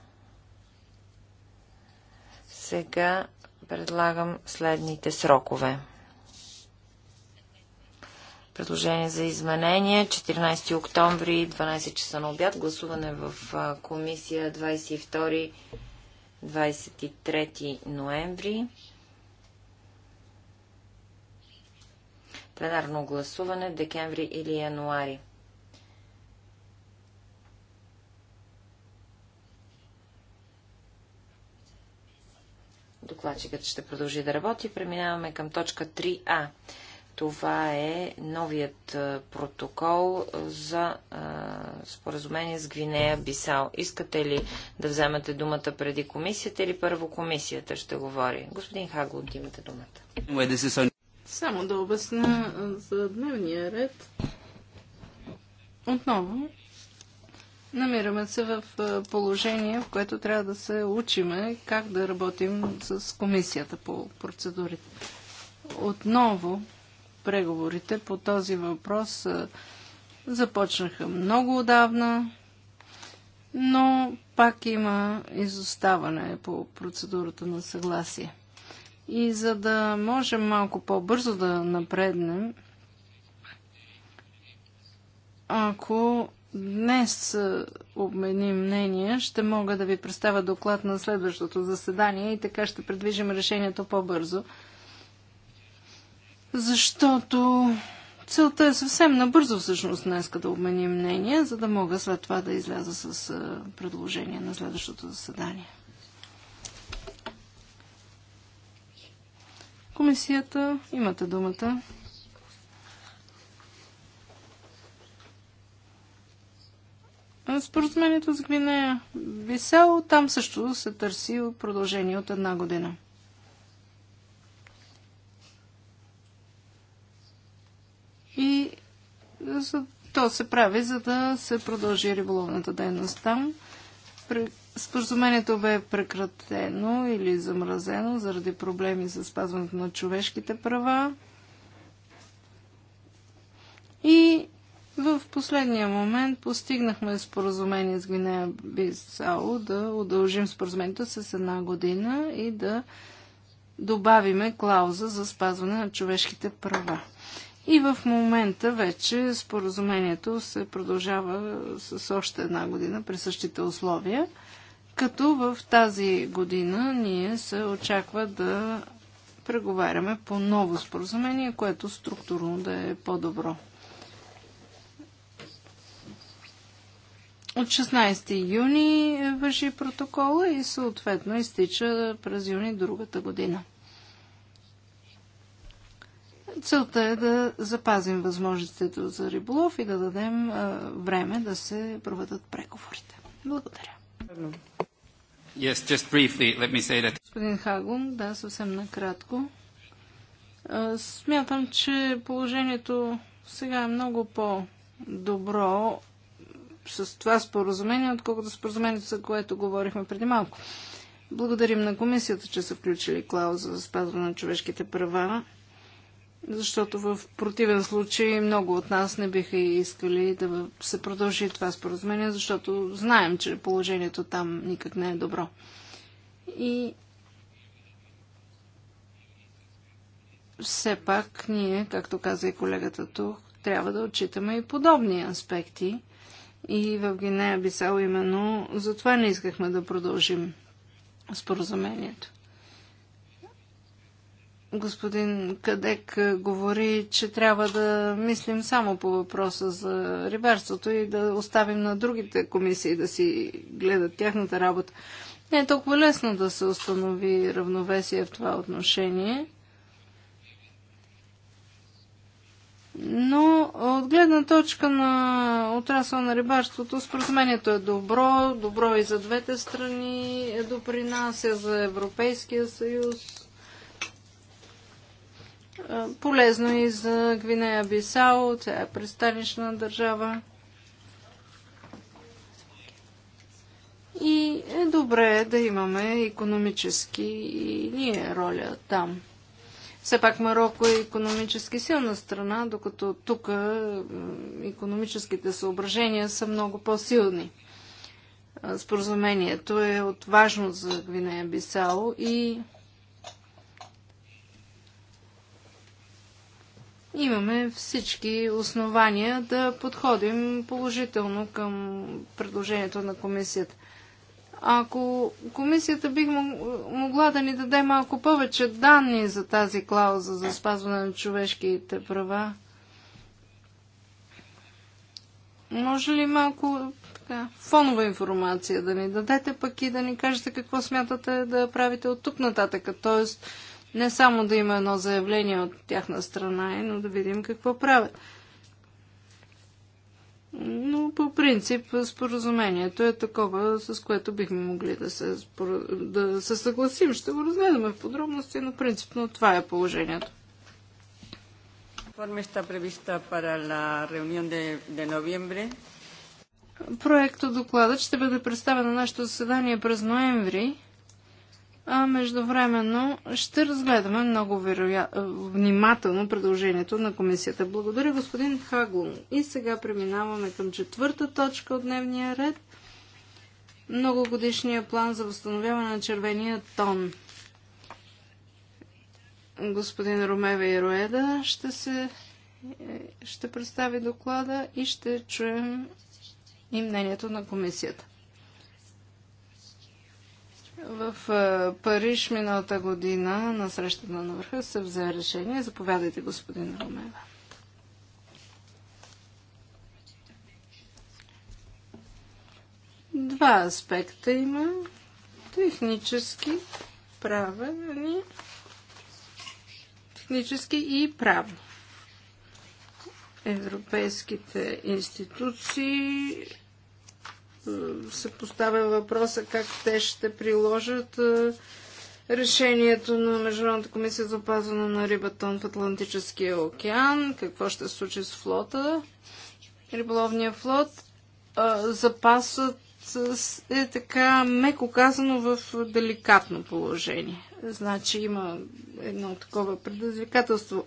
Speaker 2: Сега предлагам следните срокове. Предложение за изменение 14 октомври 12 часа на обяд. Гласуване в комисия 22-23 ноември. Пленарно гласуване декември или януари. Докладчикът ще продължи да работи. Преминаваме към точка 3А. Това е новият протокол за споразумение с Гвинея Бисал. Искате ли да вземете думата преди комисията или първо комисията ще говори? Господин Хаглот, имате
Speaker 3: думата. Само да обясня за дневния ред. Отново, намираме се в положение, в което трябва да се учиме как да работим с комисията по процедурите. Отново преговорите по този въпрос започнаха много отдавна, но пак има изоставане по процедурата на съгласие. И за да можем малко по-бързо да напреднем, ако днес обменим мнение, ще мога да ви представя доклад на следващото заседание и така ще предвижим решението по-бързо защото целта е съвсем набързо всъщност днес да обменим мнение, за да мога след това да изляза с предложение на следващото заседание. Комисията, имате думата. Споразумението с Гвинея Бисел, там също се търси продължение от една година. и е, за, то се прави, за да се продължи риболовната дейност там. Споразумението бе прекратено или замразено заради проблеми с спазването на човешките права. И в последния момент постигнахме споразумение с Гвинея Бисао да удължим споразумението с една година и да добавиме клауза за спазване на човешките права. И в момента вече споразумението се продължава с още една година при същите условия, като в тази година ние се очаква да преговаряме по ново споразумение, което структурно да е по-добро. От 16 юни е, въжи протокола и съответно изтича през юни другата година. Целта е да запазим възможностите за риболов и да дадем време да се проведат преговорите. Благодаря.
Speaker 4: Yes, just briefly, let me say that...
Speaker 3: Господин Хагун, да, съвсем накратко. Смятам, че положението сега е много по-добро с това споразумение, отколкото споразумението, за което говорихме преди малко. Благодарим на комисията, че са включили клауза за спазване на човешките права защото в противен случай много от нас не биха искали да се продължи това споразумение, защото знаем, че положението там никак не е добро. И все пак ние, както каза и колегата тук, трябва да отчитаме и подобни аспекти. И в Гинея Бисал именно затова не искахме да продължим споразумението господин Кадек говори, че трябва да мислим само по въпроса за рибарството и да оставим на другите комисии да си гледат тяхната работа. Не е толкова лесно да се установи равновесие в това отношение. Но от гледна точка на отрасъл на рибарството, споразумението е добро, добро и за двете страни, е допринася е за Европейския съюз, полезно и за Гвинея Бисао, тя е пристанищна държава. И е добре да имаме економически и ние роля там. Все пак Марокко е економически силна страна, докато тук економическите съображения са много по-силни. Споразумението е от важно за Гвинея Бисао и имаме всички основания да подходим положително към предложението на комисията. Ако комисията бих могла да ни даде малко повече данни за тази клауза за спазване на човешките права, може ли малко така, фонова информация да ни дадете, пък и да ни кажете какво смятате да правите от тук нататък? Тоест, не само да има едно заявление от тяхна страна, е, но да видим какво правят. Но по принцип споразумението е такова, с което бихме могли да се, да се съгласим. Ще го разгледаме в подробности, но принципно това е положението. Проектът доклада ще бъде представен на нашето заседание през ноември. А междувременно ще разгледаме много вероя... внимателно предложението на комисията. Благодаря, господин Хаглун. И сега преминаваме към четвърта точка от дневния ред. Многогодишния план за възстановяване на червения тон. Господин Ромева Роеда ще, се, е, ще представи доклада и ще чуем и мнението на комисията. В е, Париж миналата година на срещата на върха се взе решение. Заповядайте, господин Ромева. Два аспекта има. Технически, правен, нали? технически и правни. Европейските институции се поставя въпроса как те ще приложат е, решението на Международната комисия за опазване на рибатон в Атлантическия океан, какво ще се случи с флота, риболовния флот. Е, запасът е така, меко казано, в деликатно положение. Значи има едно такова предизвикателство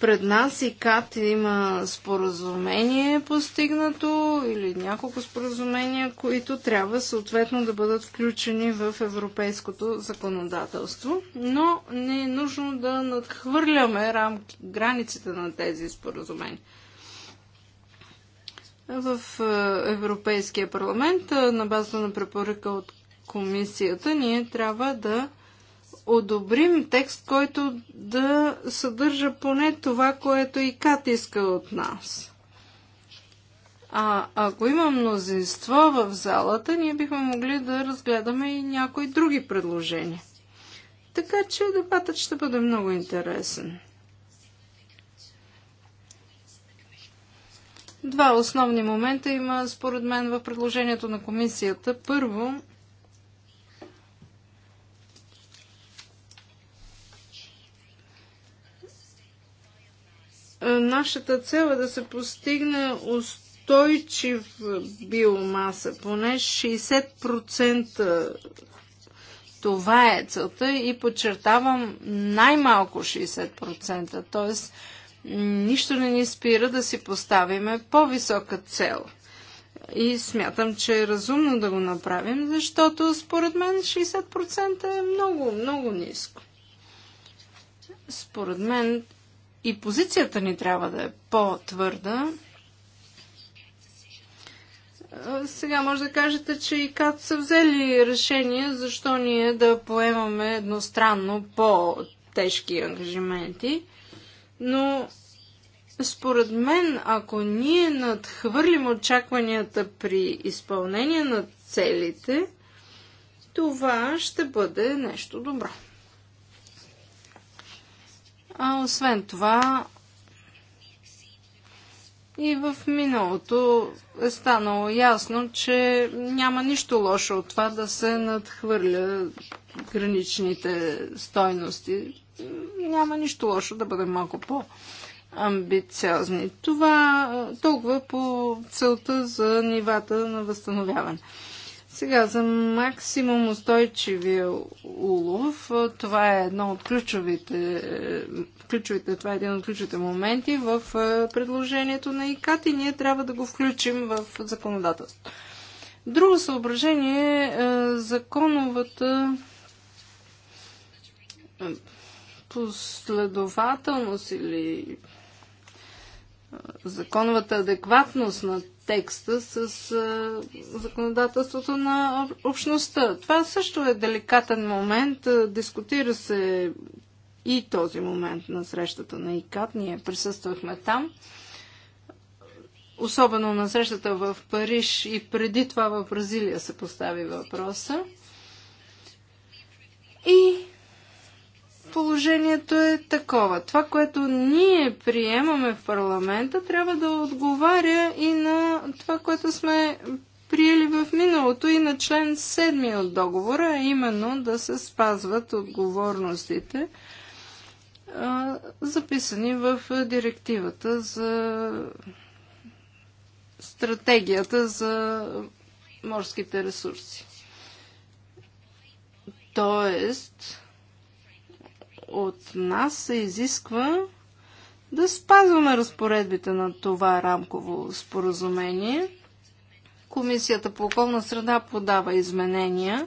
Speaker 3: пред нас и КАТ има споразумение постигнато или няколко споразумения, които трябва съответно да бъдат включени в европейското законодателство, но не е нужно да надхвърляме рамки, границите на тези споразумения. В е, Европейския парламент е, на базата на препоръка от комисията ние трябва да одобрим текст, който да съдържа поне това, което и Кат иска от нас. А ако има мнозинство в залата, ние бихме могли да разгледаме и някои други предложения. Така че дебатът ще бъде много интересен. Два основни момента има според мен в предложението на комисията. Първо, Е, нашата цел е да се постигне устойчив биомаса, поне 60%. Това е целта и подчертавам най-малко 60%, т.е. нищо не ни спира да си поставиме по-висока цел – и смятам, че е разумно да го направим, защото според мен 60% е много, много ниско. Според мен и позицията ни трябва да е по-твърда. Сега може да кажете, че и КАТ са взели решение, защо ние да поемаме едностранно по-тежки ангажименти. Но според мен, ако ние надхвърлим очакванията при изпълнение на целите, това ще бъде нещо добро. А освен това, и в миналото е станало ясно, че няма нищо лошо от това да се надхвърля граничните стойности. Няма нищо лошо да бъде малко по- амбициозни. Това толкова по целта за нивата на възстановяване. Сега за максимум устойчивия улов, е, това е едно от ключовите, е, ключовите, това е един от ключовите моменти в е, предложението на ИКАТ и ние трябва да го включим в законодателството. Друго съображение е законовата последователност или законовата адекватност на текста с а, законодателството на общността. Това също е деликатен момент. Дискутира се и този момент на срещата на ИКАТ. Ние присъствахме там. Особено на срещата в Париж и преди това в Бразилия се постави въпроса. И положението е такова. Това, което ние приемаме в парламента, трябва да отговаря и на това, което сме приели в миналото и на член 7 от договора, именно да се спазват отговорностите, записани в директивата за стратегията за морските ресурси. Тоест, от нас се изисква да спазваме разпоредбите на това рамково споразумение. Комисията по околна среда подава изменения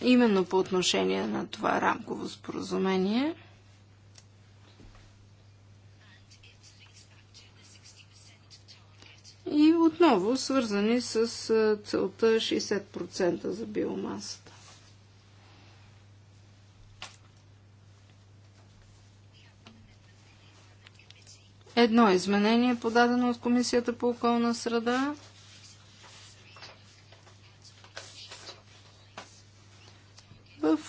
Speaker 3: именно по отношение на това рамково споразумение. И отново свързани с целта 60% за биомаса. Едно изменение подадено от Комисията по околна среда.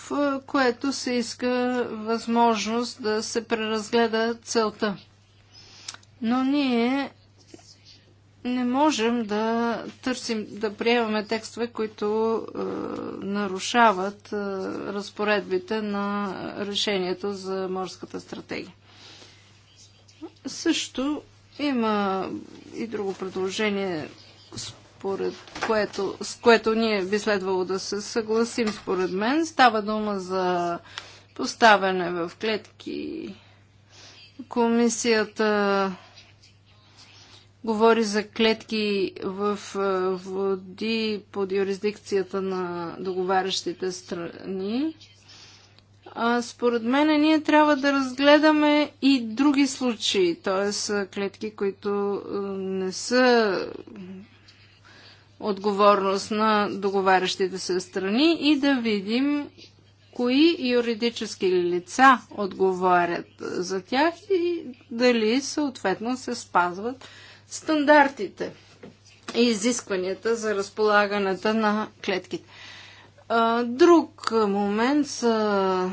Speaker 3: в което се иска възможност да се преразгледа целта. Но ние не можем да търсим, да приемаме текстове, които е, нарушават е, разпоредбите на решението за морската стратегия. Също има и друго предложение, според което, с което ние би следвало да се съгласим, според мен. Става дума за поставяне в клетки. Комисията говори за клетки в е, води под юрисдикцията на договарящите страни. А, според мен ние трябва да разгледаме и други случаи, т.е. клетки, които е, не са отговорност на договарящите се страни и да видим кои юридически лица отговарят за тях и дали съответно се спазват стандартите и изискванията за разполагането на клетките. Друг момент са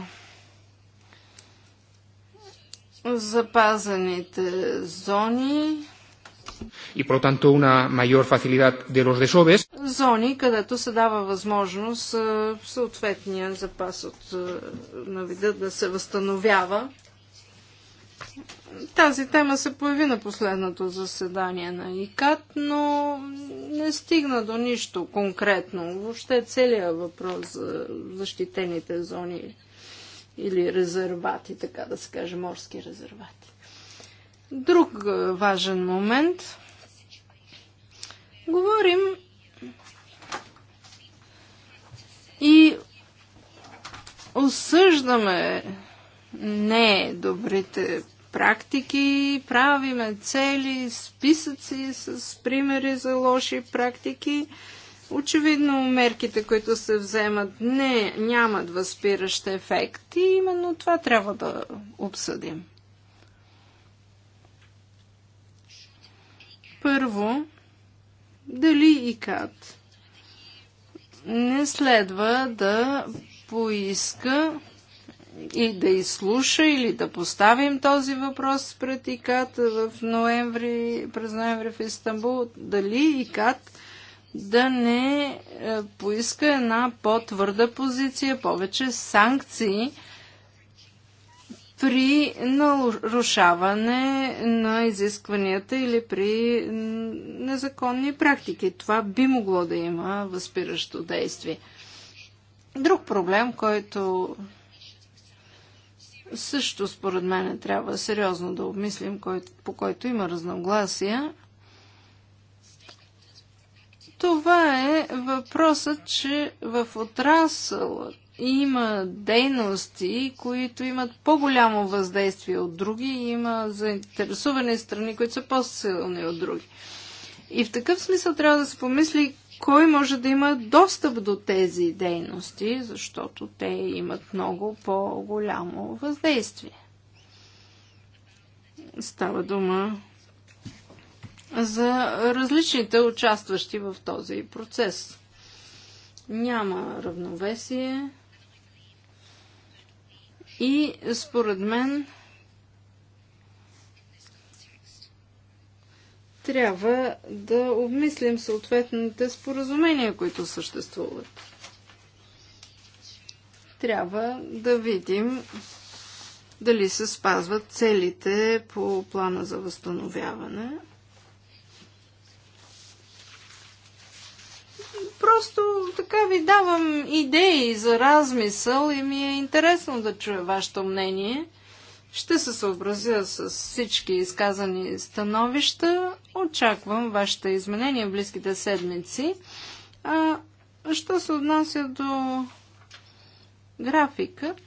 Speaker 3: запазените зони.
Speaker 1: И por tanto una mayor facilidad de los
Speaker 3: Зони, където се дава възможност съответния запас от, на вида да се възстановява. Тази тема се появи на последното заседание на ИКАТ, но не стигна до нищо конкретно. Въобще целият въпрос за защитените зони или резервати, така да се каже, морски резервати. Друг е, важен момент. Говорим и осъждаме не е добрите практики, правиме цели, списъци с примери за лоши практики. Очевидно мерките, които се вземат, не, нямат възпиращ ефект и именно това трябва да обсъдим. Първо, дали как не следва да поиска и да изслуша или да поставим този въпрос пред ИКАТ в ноември, през ноември в Истанбул, дали ИКАТ да не е, поиска една по-твърда позиция, повече санкции при нарушаване на изискванията или при незаконни практики. Това би могло да има възпиращо действие. Друг проблем, който също според мен трябва сериозно да обмислим, по който има разногласия. Това е въпросът, че в отрасъл има дейности, които имат по-голямо въздействие от други и има заинтересувани страни, които са по-силни от други. И в такъв смисъл трябва да се помисли кой може да има достъп до тези дейности, защото те имат много по-голямо въздействие. Става дума за различните участващи в този процес. Няма равновесие и според мен трябва да обмислим съответните споразумения, които съществуват. Трябва да видим дали се спазват целите по плана за възстановяване. Просто така ви давам идеи за размисъл и ми е интересно да чуя вашето мнение – ще се съобразя с всички изказани становища. Очаквам вашите изменения в близките седмици. А, що се отнася до графикът?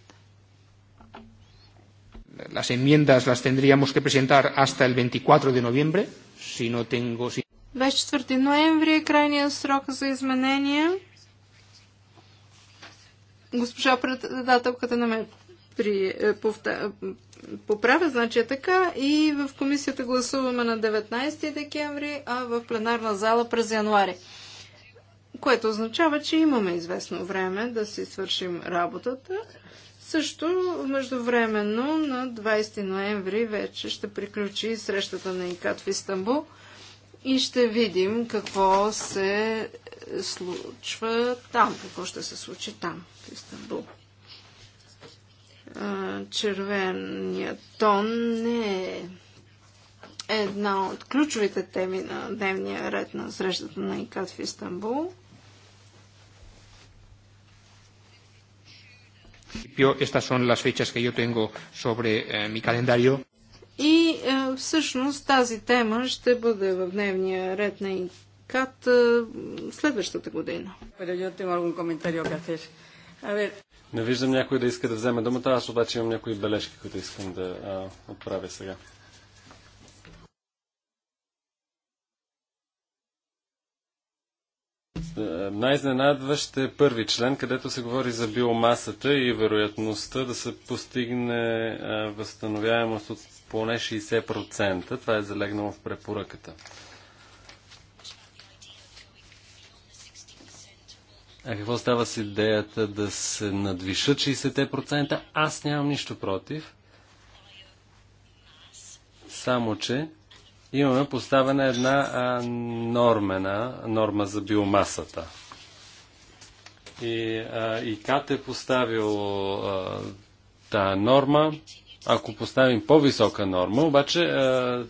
Speaker 1: Las enmiendas las tendríamos que presentar hasta el 24 de noviembre, si no tengo...
Speaker 3: 24 ноември е крайният срок за изменения. Госпожа председателката на ме при, е, повта, поправя, значи е така. И в комисията гласуваме на 19 декември, а в пленарна зала през януари. Което означава, че имаме известно време да си свършим работата. Също междувременно на 20 ноември вече ще приключи срещата на ИКАТ в Истанбул и ще видим какво се случва там, какво ще се случи там в Истанбул червения тон не е една от ключовите теми на дневния ред на срещата на ИКАД в Истанбул.
Speaker 1: Estas son las fechas que yo tengo sobre eh, mi calendario.
Speaker 3: И е, всъщност тази тема ще бъде в дневния ред на ИКАД е, следващата година.
Speaker 1: Pero yo tengo algún
Speaker 3: comentario que hacer. A ver,
Speaker 4: не виждам някой да иска да вземе думата, аз обаче имам някои бележки, които искам да а, отправя сега. Най-изненадващ е първи член, където се говори за биомасата и вероятността да се постигне възстановяемост от поне 60%. Това е залегнало в препоръката. А какво става с идеята да се надвишат 60%? Аз нямам нищо против. Само, че имаме поставена една а, нормена, норма за биомасата. И, а, и КАТ е поставил а, норма. Ако поставим по-висока норма, обаче а,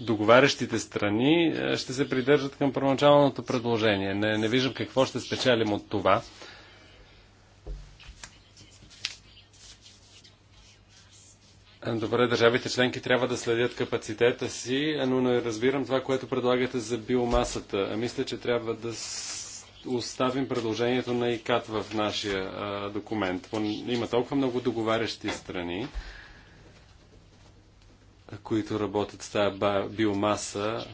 Speaker 4: договарящите страни е, ще се придържат към първоначалното предложение. Не, не виждам какво ще спечелим от това. Добре, държавите членки трябва да следят капацитета си, но не разбирам това, което предлагате за биомасата. Мисля, че трябва да оставим предложението на ИКАТ в нашия а, документ. Има толкова много договарящи страни които работят с тази биомаса,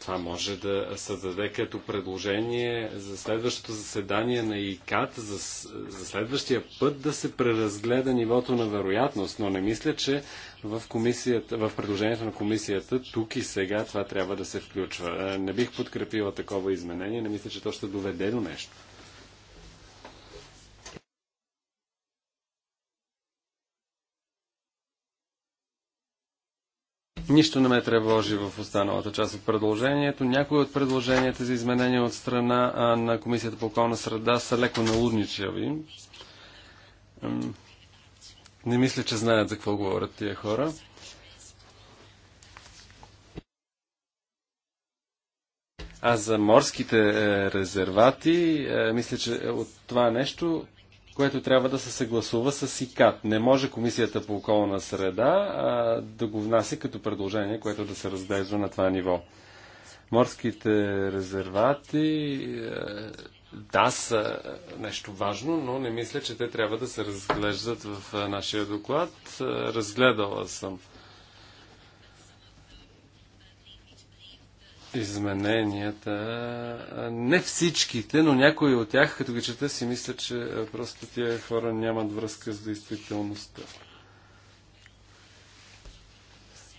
Speaker 4: това може да създаде като предложение за следващото заседание на ИКАТ, за, за следващия път да се преразгледа нивото на вероятност, но не мисля, че в, комисията, в предложението на комисията тук и сега това трябва да се включва. Не бих подкрепила такова изменение, не мисля, че то ще доведе до нещо. Нищо не ме тревожи в останалата част от предложението. Някои от предложенията за изменения от страна на Комисията по околна среда са леко налудничави. Не мисля, че знаят за какво говорят тия хора. А за морските е, резервати, е, мисля, че от това нещо което трябва да се съгласува с ИКАТ. Не може Комисията по околна среда а, да го внася като предложение, което да се разглежда на това ниво. Морските резервати, е, да, са нещо важно, но не мисля, че те трябва да се разглеждат в е, нашия доклад. Е, разгледала съм измененията. Не всичките, но някои от тях, като ги чета, си мисля, че просто тия хора нямат връзка с действителността.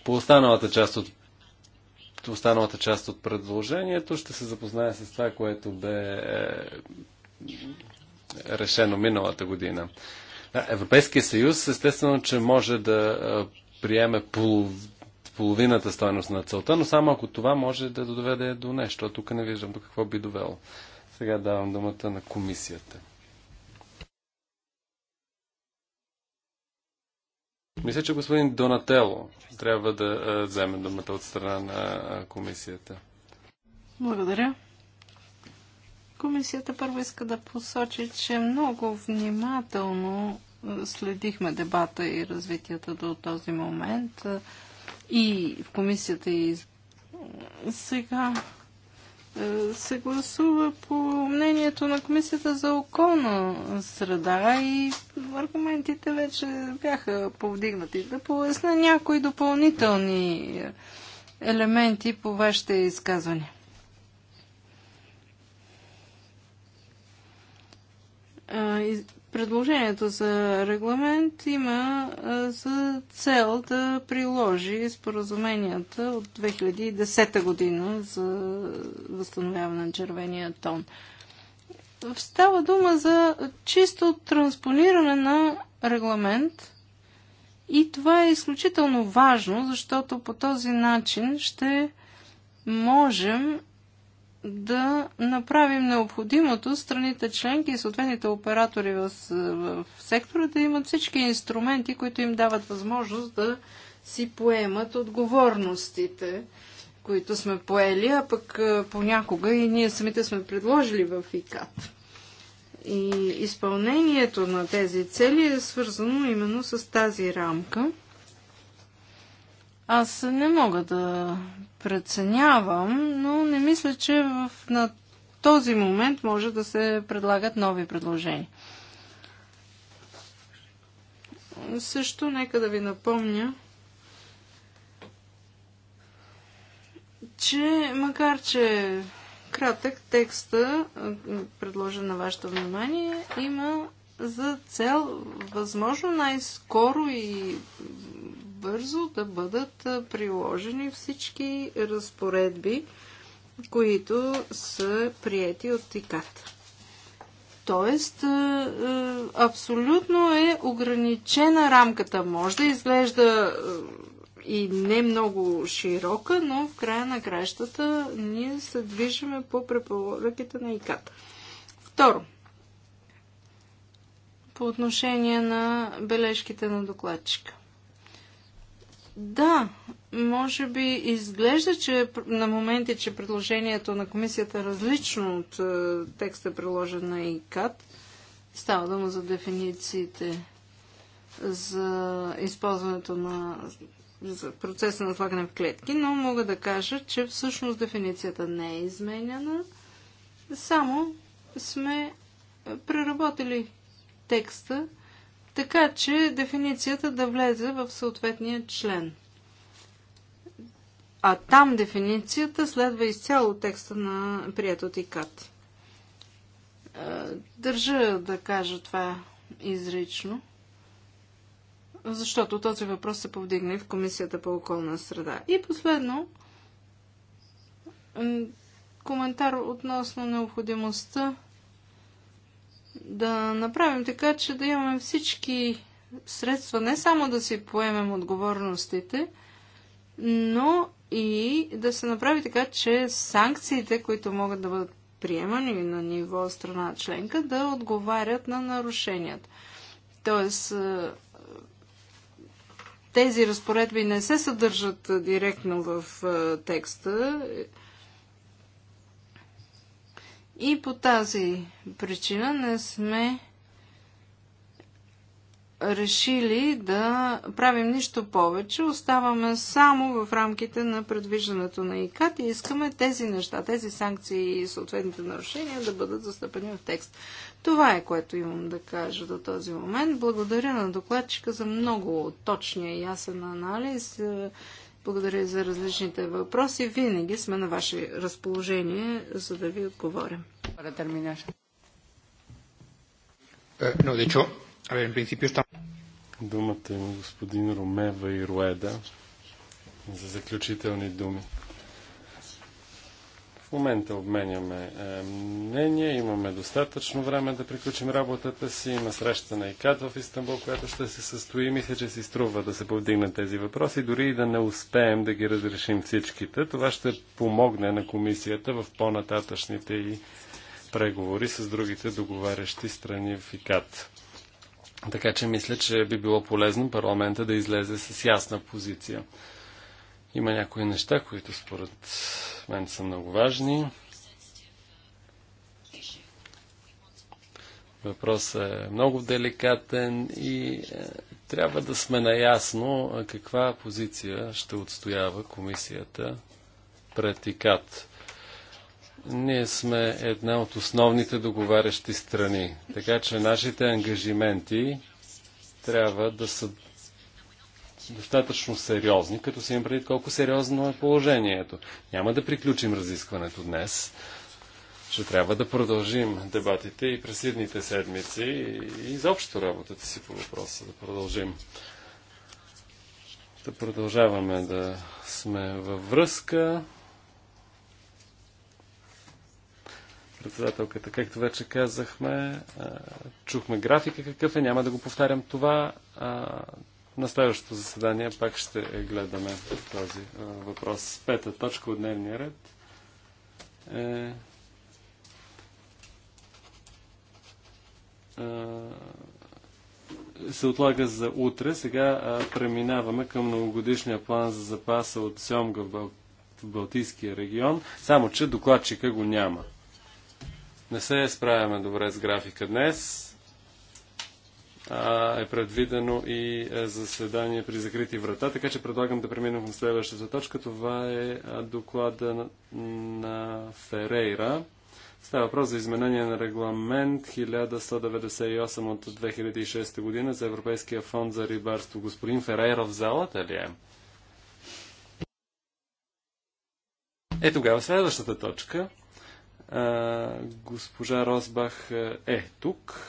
Speaker 4: По останалата част от останалата част от предложението ще се запозная с това, което бе е, решено миналата година. Европейския съюз естествено, че може да приеме половина половината стойност на целта, но само ако това може да доведе до нещо. А тук не виждам до какво би довело. Сега давам думата на комисията. Мисля, че господин Донателло трябва да е, вземе думата от страна на е, комисията.
Speaker 3: Благодаря. Комисията първо иска да посочи, че много внимателно е, следихме дебата и развитията до този момент и в комисията и сега е, се гласува по мнението на комисията за околна среда и аргументите вече бяха повдигнати. Да поясна някои допълнителни елементи по вашите изказвания. Е, Предложението за регламент има за цел да приложи споразуменията от 2010 година за възстановяване на червения тон. Става дума за чисто транспониране на регламент и това е изключително важно, защото по този начин ще можем да направим необходимото страните членки и съответните оператори в, в сектора да имат всички инструменти, които им дават възможност да си поемат отговорностите, които сме поели, а пък понякога и ние самите сме предложили в ИКАТ. И изпълнението на тези цели е свързано именно с тази рамка – аз не мога да преценявам, но не мисля, че в, на този момент може да се предлагат нови предложения. Също нека да ви напомня, че макар, че кратък текста, предложен на вашето внимание, има за цел възможно най-скоро и бързо да бъдат приложени всички разпоредби, които са приети от ИКАТ. Тоест, абсолютно е ограничена рамката. Може да изглежда и не много широка, но в края на кращата ние се движиме по препоръките на ИКАТ. Второ, по отношение на бележките на докладчика. Да, може би изглежда, че на моменти, че предложението на комисията е различно от е, текста приложен на ИКАТ. Става дума за дефинициите за използването на за процеса на слагане в клетки, но мога да кажа, че всъщност дефиницията не е изменена, само сме преработили текста така че дефиницията да влезе в съответния член. А там дефиницията следва изцяло текста на прият от ИКАТ. Е, държа да кажа това изрично, защото този въпрос се повдигна и в Комисията по околна среда. И последно, коментар относно необходимостта да направим така, че да имаме всички средства, не само да си поемем отговорностите, но и да се направи така, че санкциите, които могат да бъдат приемани на ниво страна членка, да отговарят на нарушенията. Тоест, е, тези разпоредби не се съдържат директно в е, текста, и по тази причина не сме решили да правим нищо повече. Оставаме само в рамките на предвиждането на ИКАТ и искаме тези неща, тези санкции и съответните нарушения да бъдат застъпени в текст. Това е което имам да кажа до този момент. Благодаря на докладчика за много точния и ясен анализ благодаря за различните въпроси. Винаги сме на ваше разположение, за да ви отговорим.
Speaker 4: Е, Думата има господин Ромева и Руеда за заключителни думи. В момента обменяме е, мнение, имаме достатъчно време да приключим работата си, има среща на ИКАД в Истанбул, която ще се състои. Мисля, че си струва да се повдигнат тези въпроси, дори и да не успеем да ги разрешим всичките. Това ще помогне на комисията в по-нататъчните и преговори с другите договарящи страни в ИКАД. Така че мисля, че би било полезно парламента да излезе с ясна позиция. Има някои неща, които според мен са много важни. Въпросът е много деликатен и е, трябва да сме наясно е, каква позиция ще отстоява комисията пред ИКАТ. Ние сме една от основните договарящи страни, така че нашите ангажименти трябва да са достатъчно сериозни, като си им преди колко сериозно е положението. Няма да приключим разискването днес. Ще трябва да продължим дебатите и през следните седмици и изобщо работата си по въпроса да продължим. Да продължаваме да сме във връзка. председателката. Както вече казахме, чухме графика какъв е, няма да го повтарям това. На следващото заседание пак ще гледаме този въпрос. Пета точка от дневния ред е се отлага за утре. Сега преминаваме към многогодишния план за запаса от Сьомга в, Бал... в Балтийския регион, само че докладчика го няма. Не се справяме добре с графика днес е предвидено и е, заседание при закрити врата, така че предлагам да преминем към следващата точка. Това е доклада на Ферейра. Става въпрос за изменение на регламент 1198 от 2006 година за Европейския фонд за рибарство. Господин Ферейра в залата ли е? Е, тогава следващата точка. А, госпожа Росбах е, е тук.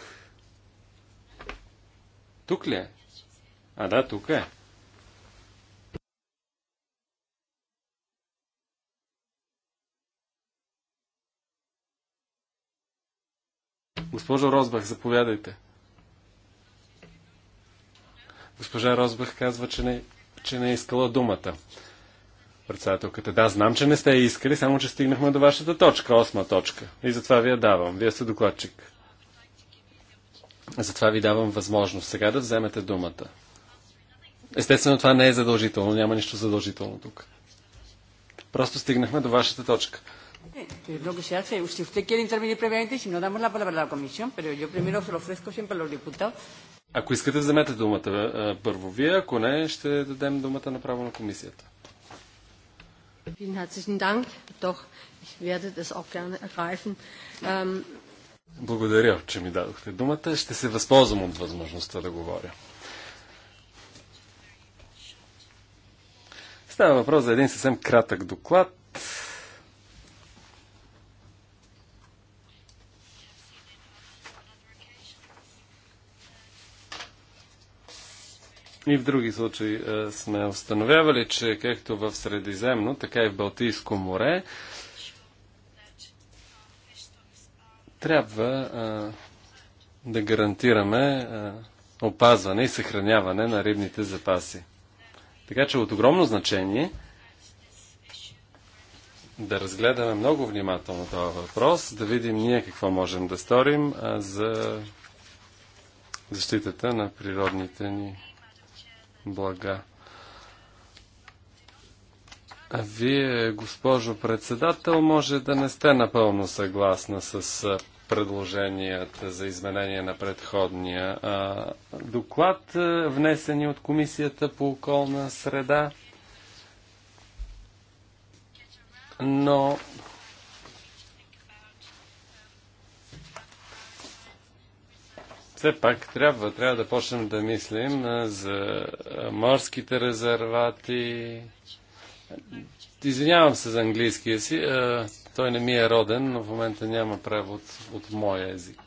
Speaker 4: Тук ли е? А, да, тук е. Госпожо Розбах, заповядайте. Госпожа Розбах казва, че не, че не е искала думата. Председателката, да, знам, че не сте искали, само че стигнахме до вашата точка, осма точка. И затова ви я давам. Вие сте докладчик. Затова ви давам възможност сега да вземете думата. Естествено, това не е задължително, няма нищо задължително тук. Просто стигнахме до вашата точка. Ако искате, вземете думата първо вие, ако не, ще дадем думата направо на комисията.
Speaker 1: Vielen herzlichen Dank. Doch, ich werde das auch gerne ergreifen. Ähm,
Speaker 4: благодаря, че ми дадохте думата. Ще се възползвам от възможността да говоря. Става въпрос за един съвсем кратък доклад. И в други случаи сме установявали, че както в Средиземно, така и в Балтийско море, трябва а, да гарантираме а, опазване и съхраняване на рибните запаси. Така че от огромно значение да разгледаме много внимателно този въпрос, да видим ние какво можем да сторим а, за защитата на природните ни блага. А вие, госпожо председател, може да не сте напълно съгласна с предложенията за изменение на предходния а, доклад, внесени от Комисията по околна среда. Но все пак трябва, трябва да почнем да мислим за морските резервати, Извинявам се за английския си. Той не ми е роден, но в момента няма превод от моя език.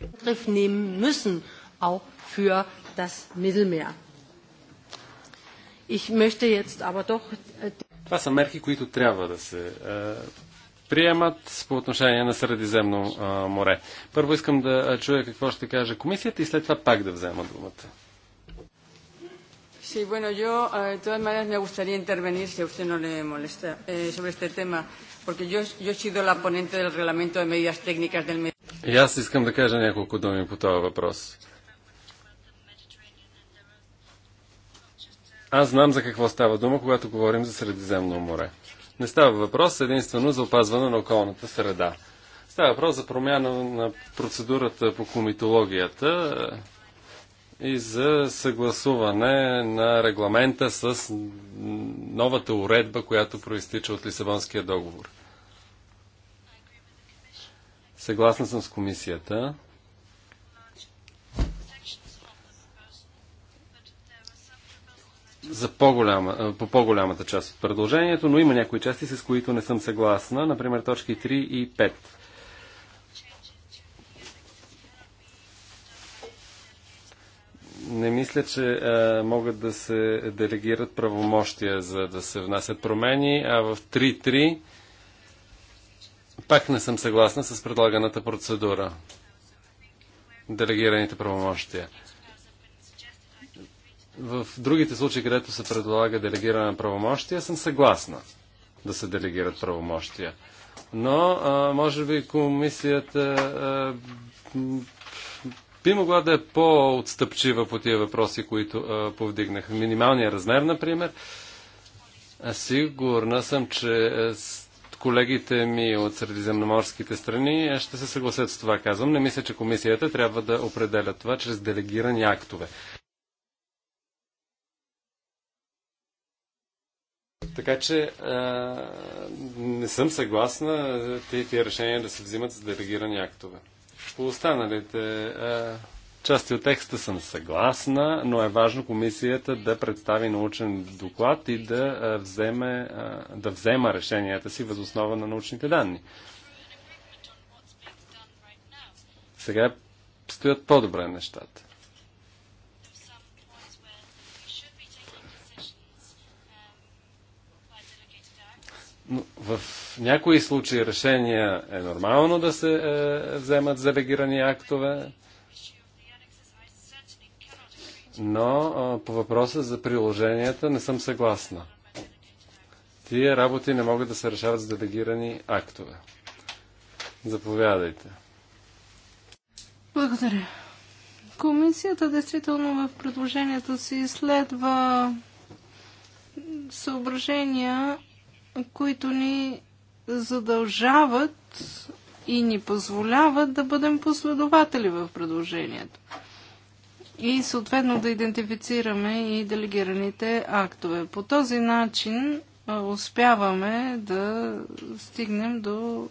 Speaker 1: Äh,
Speaker 4: Това са мерки, които трябва да се предприемат по отношение на Средиземно море. Първо искам да чуя какво ще каже комисията и след това пак да взема думата.
Speaker 1: Sí, bueno, yo de todas maneras me gustaría intervenir, si a usted no le molesta, eh, sobre este tema, porque yo, yo he sido la ponente del reglamento de medidas técnicas del Mediterráneo. И
Speaker 4: аз искам да кажа няколко думи по този въпрос. Аз знам за какво става дума, когато говорим за Средиземно море. Не става въпрос единствено за опазване на околната среда. Става въпрос за промяна на процедурата по комитологията е, и за съгласуване на регламента с новата уредба, която проистича от Лисабонския договор. Съгласна съм с комисията. за по-голяма, по по-голямата част от предложението, но има някои части, с които не съм съгласна, например точки 3 и 5. не мисля, че а, могат да се делегират правомощия за да се внасят промени, а в 3.3 пак не съм съгласна с предлаганата процедура. Делегираните правомощия в другите случаи, където се предлага делегиране на правомощия, съм съгласна да се делегират правомощия. Но, а, може би, комисията а, би могла да е по-отстъпчива по тия въпроси, които а, повдигнах. Минималния размер, например. А сигурна съм, че колегите ми от средиземноморските страни ще се съгласят с това, казвам. Не мисля, че комисията трябва да определя това чрез делегирани актове. Така че а, не съм съгласна тези, тези решения да се взимат с делегирани актове. По останалите а, части от текста съм съгласна, но е важно комисията да представи научен доклад и да, а, вземе, а, да взема решенията си възоснова на научните данни. Сега стоят по-добре нещата. В някои случаи решения е нормално да се е, вземат делегирани актове, но е, по въпроса за приложенията не съм съгласна. Тия работи не могат да се решават с делегирани актове. Заповядайте.
Speaker 3: Благодаря. Комисията действително в предложението си следва съображения които ни задължават и ни позволяват да бъдем последователи в предложението. И съответно да идентифицираме и делегираните актове. По този начин успяваме да стигнем до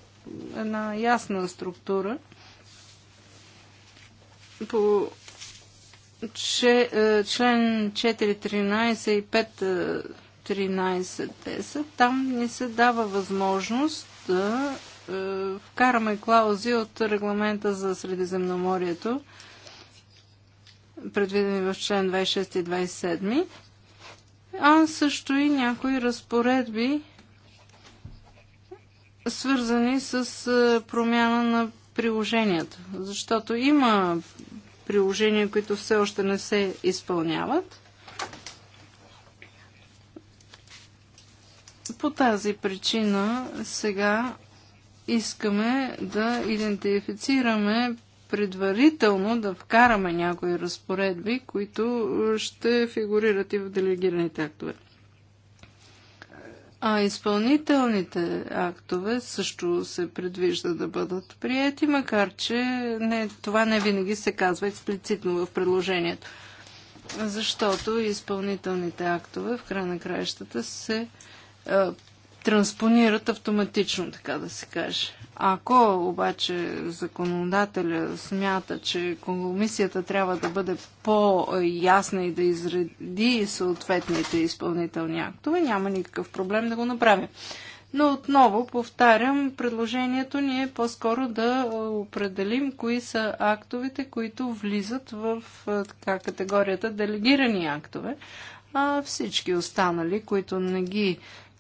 Speaker 3: една ясна структура, по че, е, член 4.13 и е, 13.10, там ни се дава възможност да е, вкараме клаузи от регламента за Средиземноморието, предвидени в член 26 и 27, а също и някои разпоредби, свързани с е, промяна на приложенията. Защото има приложения, които все още не се изпълняват. По тази причина сега искаме да идентифицираме предварително да вкараме някои разпоредби, които ще фигурират и в делегираните актове. А изпълнителните актове също се предвижда да бъдат прияти, макар че не, това не винаги се казва експлицитно в предложението. Защото изпълнителните актове в край на краищата се е, транспонират автоматично, така да се каже. Ако обаче законодателя смята, че комисията трябва да бъде по-ясна и да изреди съответните изпълнителни актове, няма никакъв проблем да го направим. Но отново, повтарям, предложението ни е по-скоро да определим кои са актовете, които влизат в е, така, категорията делегирани актове, а всички останали, които не ги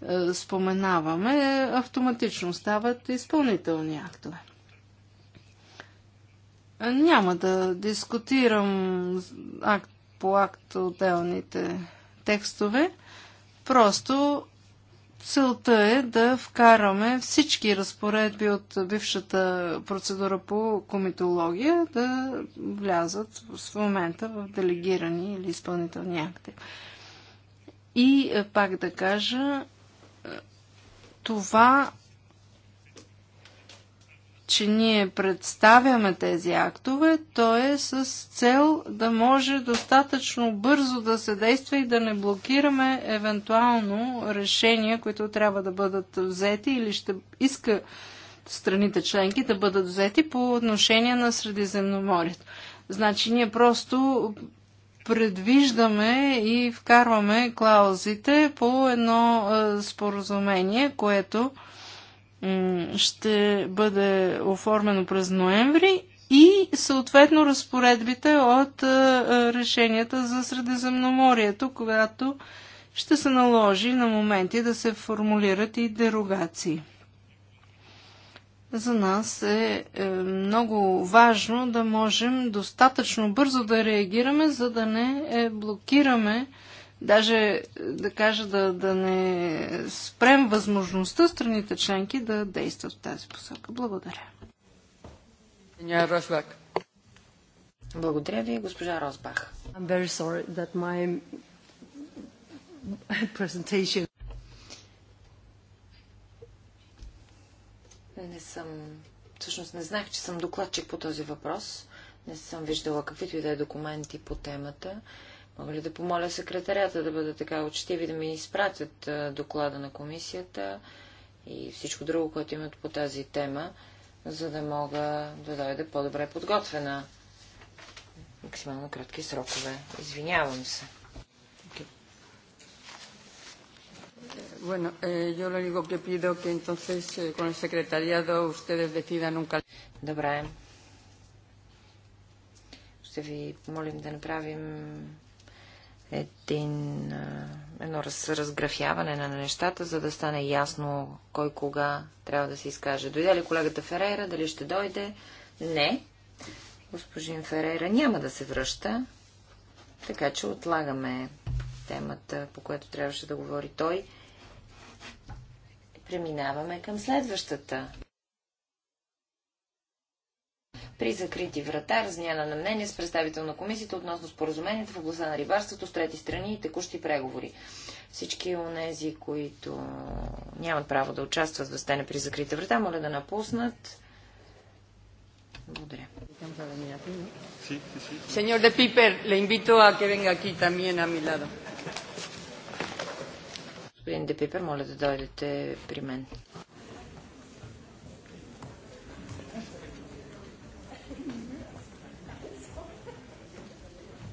Speaker 3: е, споменаваме, автоматично стават изпълнителни актове. Е, няма да дискутирам акт по акт отделните текстове. Просто целта е да вкараме всички разпоредби от бившата процедура по комитология да влязат в момента в делегирани или изпълнителни акти. И е, пак да кажа, това, че ние представяме тези актове, то е с цел да може достатъчно бързо да се действа и да не блокираме евентуално решения, които трябва да бъдат взети или ще иска страните членки да бъдат взети по отношение на Средиземноморието. Значи ние просто предвиждаме и вкарваме клаузите по едно е, споразумение, което ще бъде оформено през ноември и съответно разпоредбите от е, е, решенията за Средиземноморието, когато ще се наложи на моменти да се формулират и дерогации за нас е, е много важно да можем достатъчно бързо да реагираме, за да не е, блокираме, даже е, да кажа да, да не спрем възможността страните членки да действат в тази посока. Благодаря.
Speaker 2: Благодаря ви, госпожа Росбах.
Speaker 1: I'm very sorry that my presentation
Speaker 2: Не съм... Всъщност не знаех, че съм докладчик по този въпрос. Не съм виждала каквито и да е документи по темата. Мога ли да помоля секретарята да бъда така учтиви, да ми изпратят доклада на комисията и всичко друго, което имат по тази тема, за да мога да дойда по-добре подготвена. Максимално кратки срокове. Извинявам се.
Speaker 1: Bueno, eh, yo lo único que pido que entonces eh, con el secretariado ustedes
Speaker 2: decidan un Добре. Ще ви помолим да направим един, едно раз, разграфяване на нещата, за да стане ясно кой кога трябва да се изкаже. Дойде ли колегата Ферейра? Дали ще дойде? Не. Госпожин Ферейра няма да се връща, така че отлагаме темата, по която трябваше да говори той. Преминаваме към следващата. При закрити врата, размяна на мнение с представител на комисията относно споразумението, в областта на рибарството с трети страни и текущи преговори. Всички онези, които нямат право да участват в стене при закрита врата, моля да напуснат. Благодаря.
Speaker 1: Сеньор де Пипер, le invito a que venga aquí también a mi lado.
Speaker 2: Господин Депипер, моля да дойдете при мен.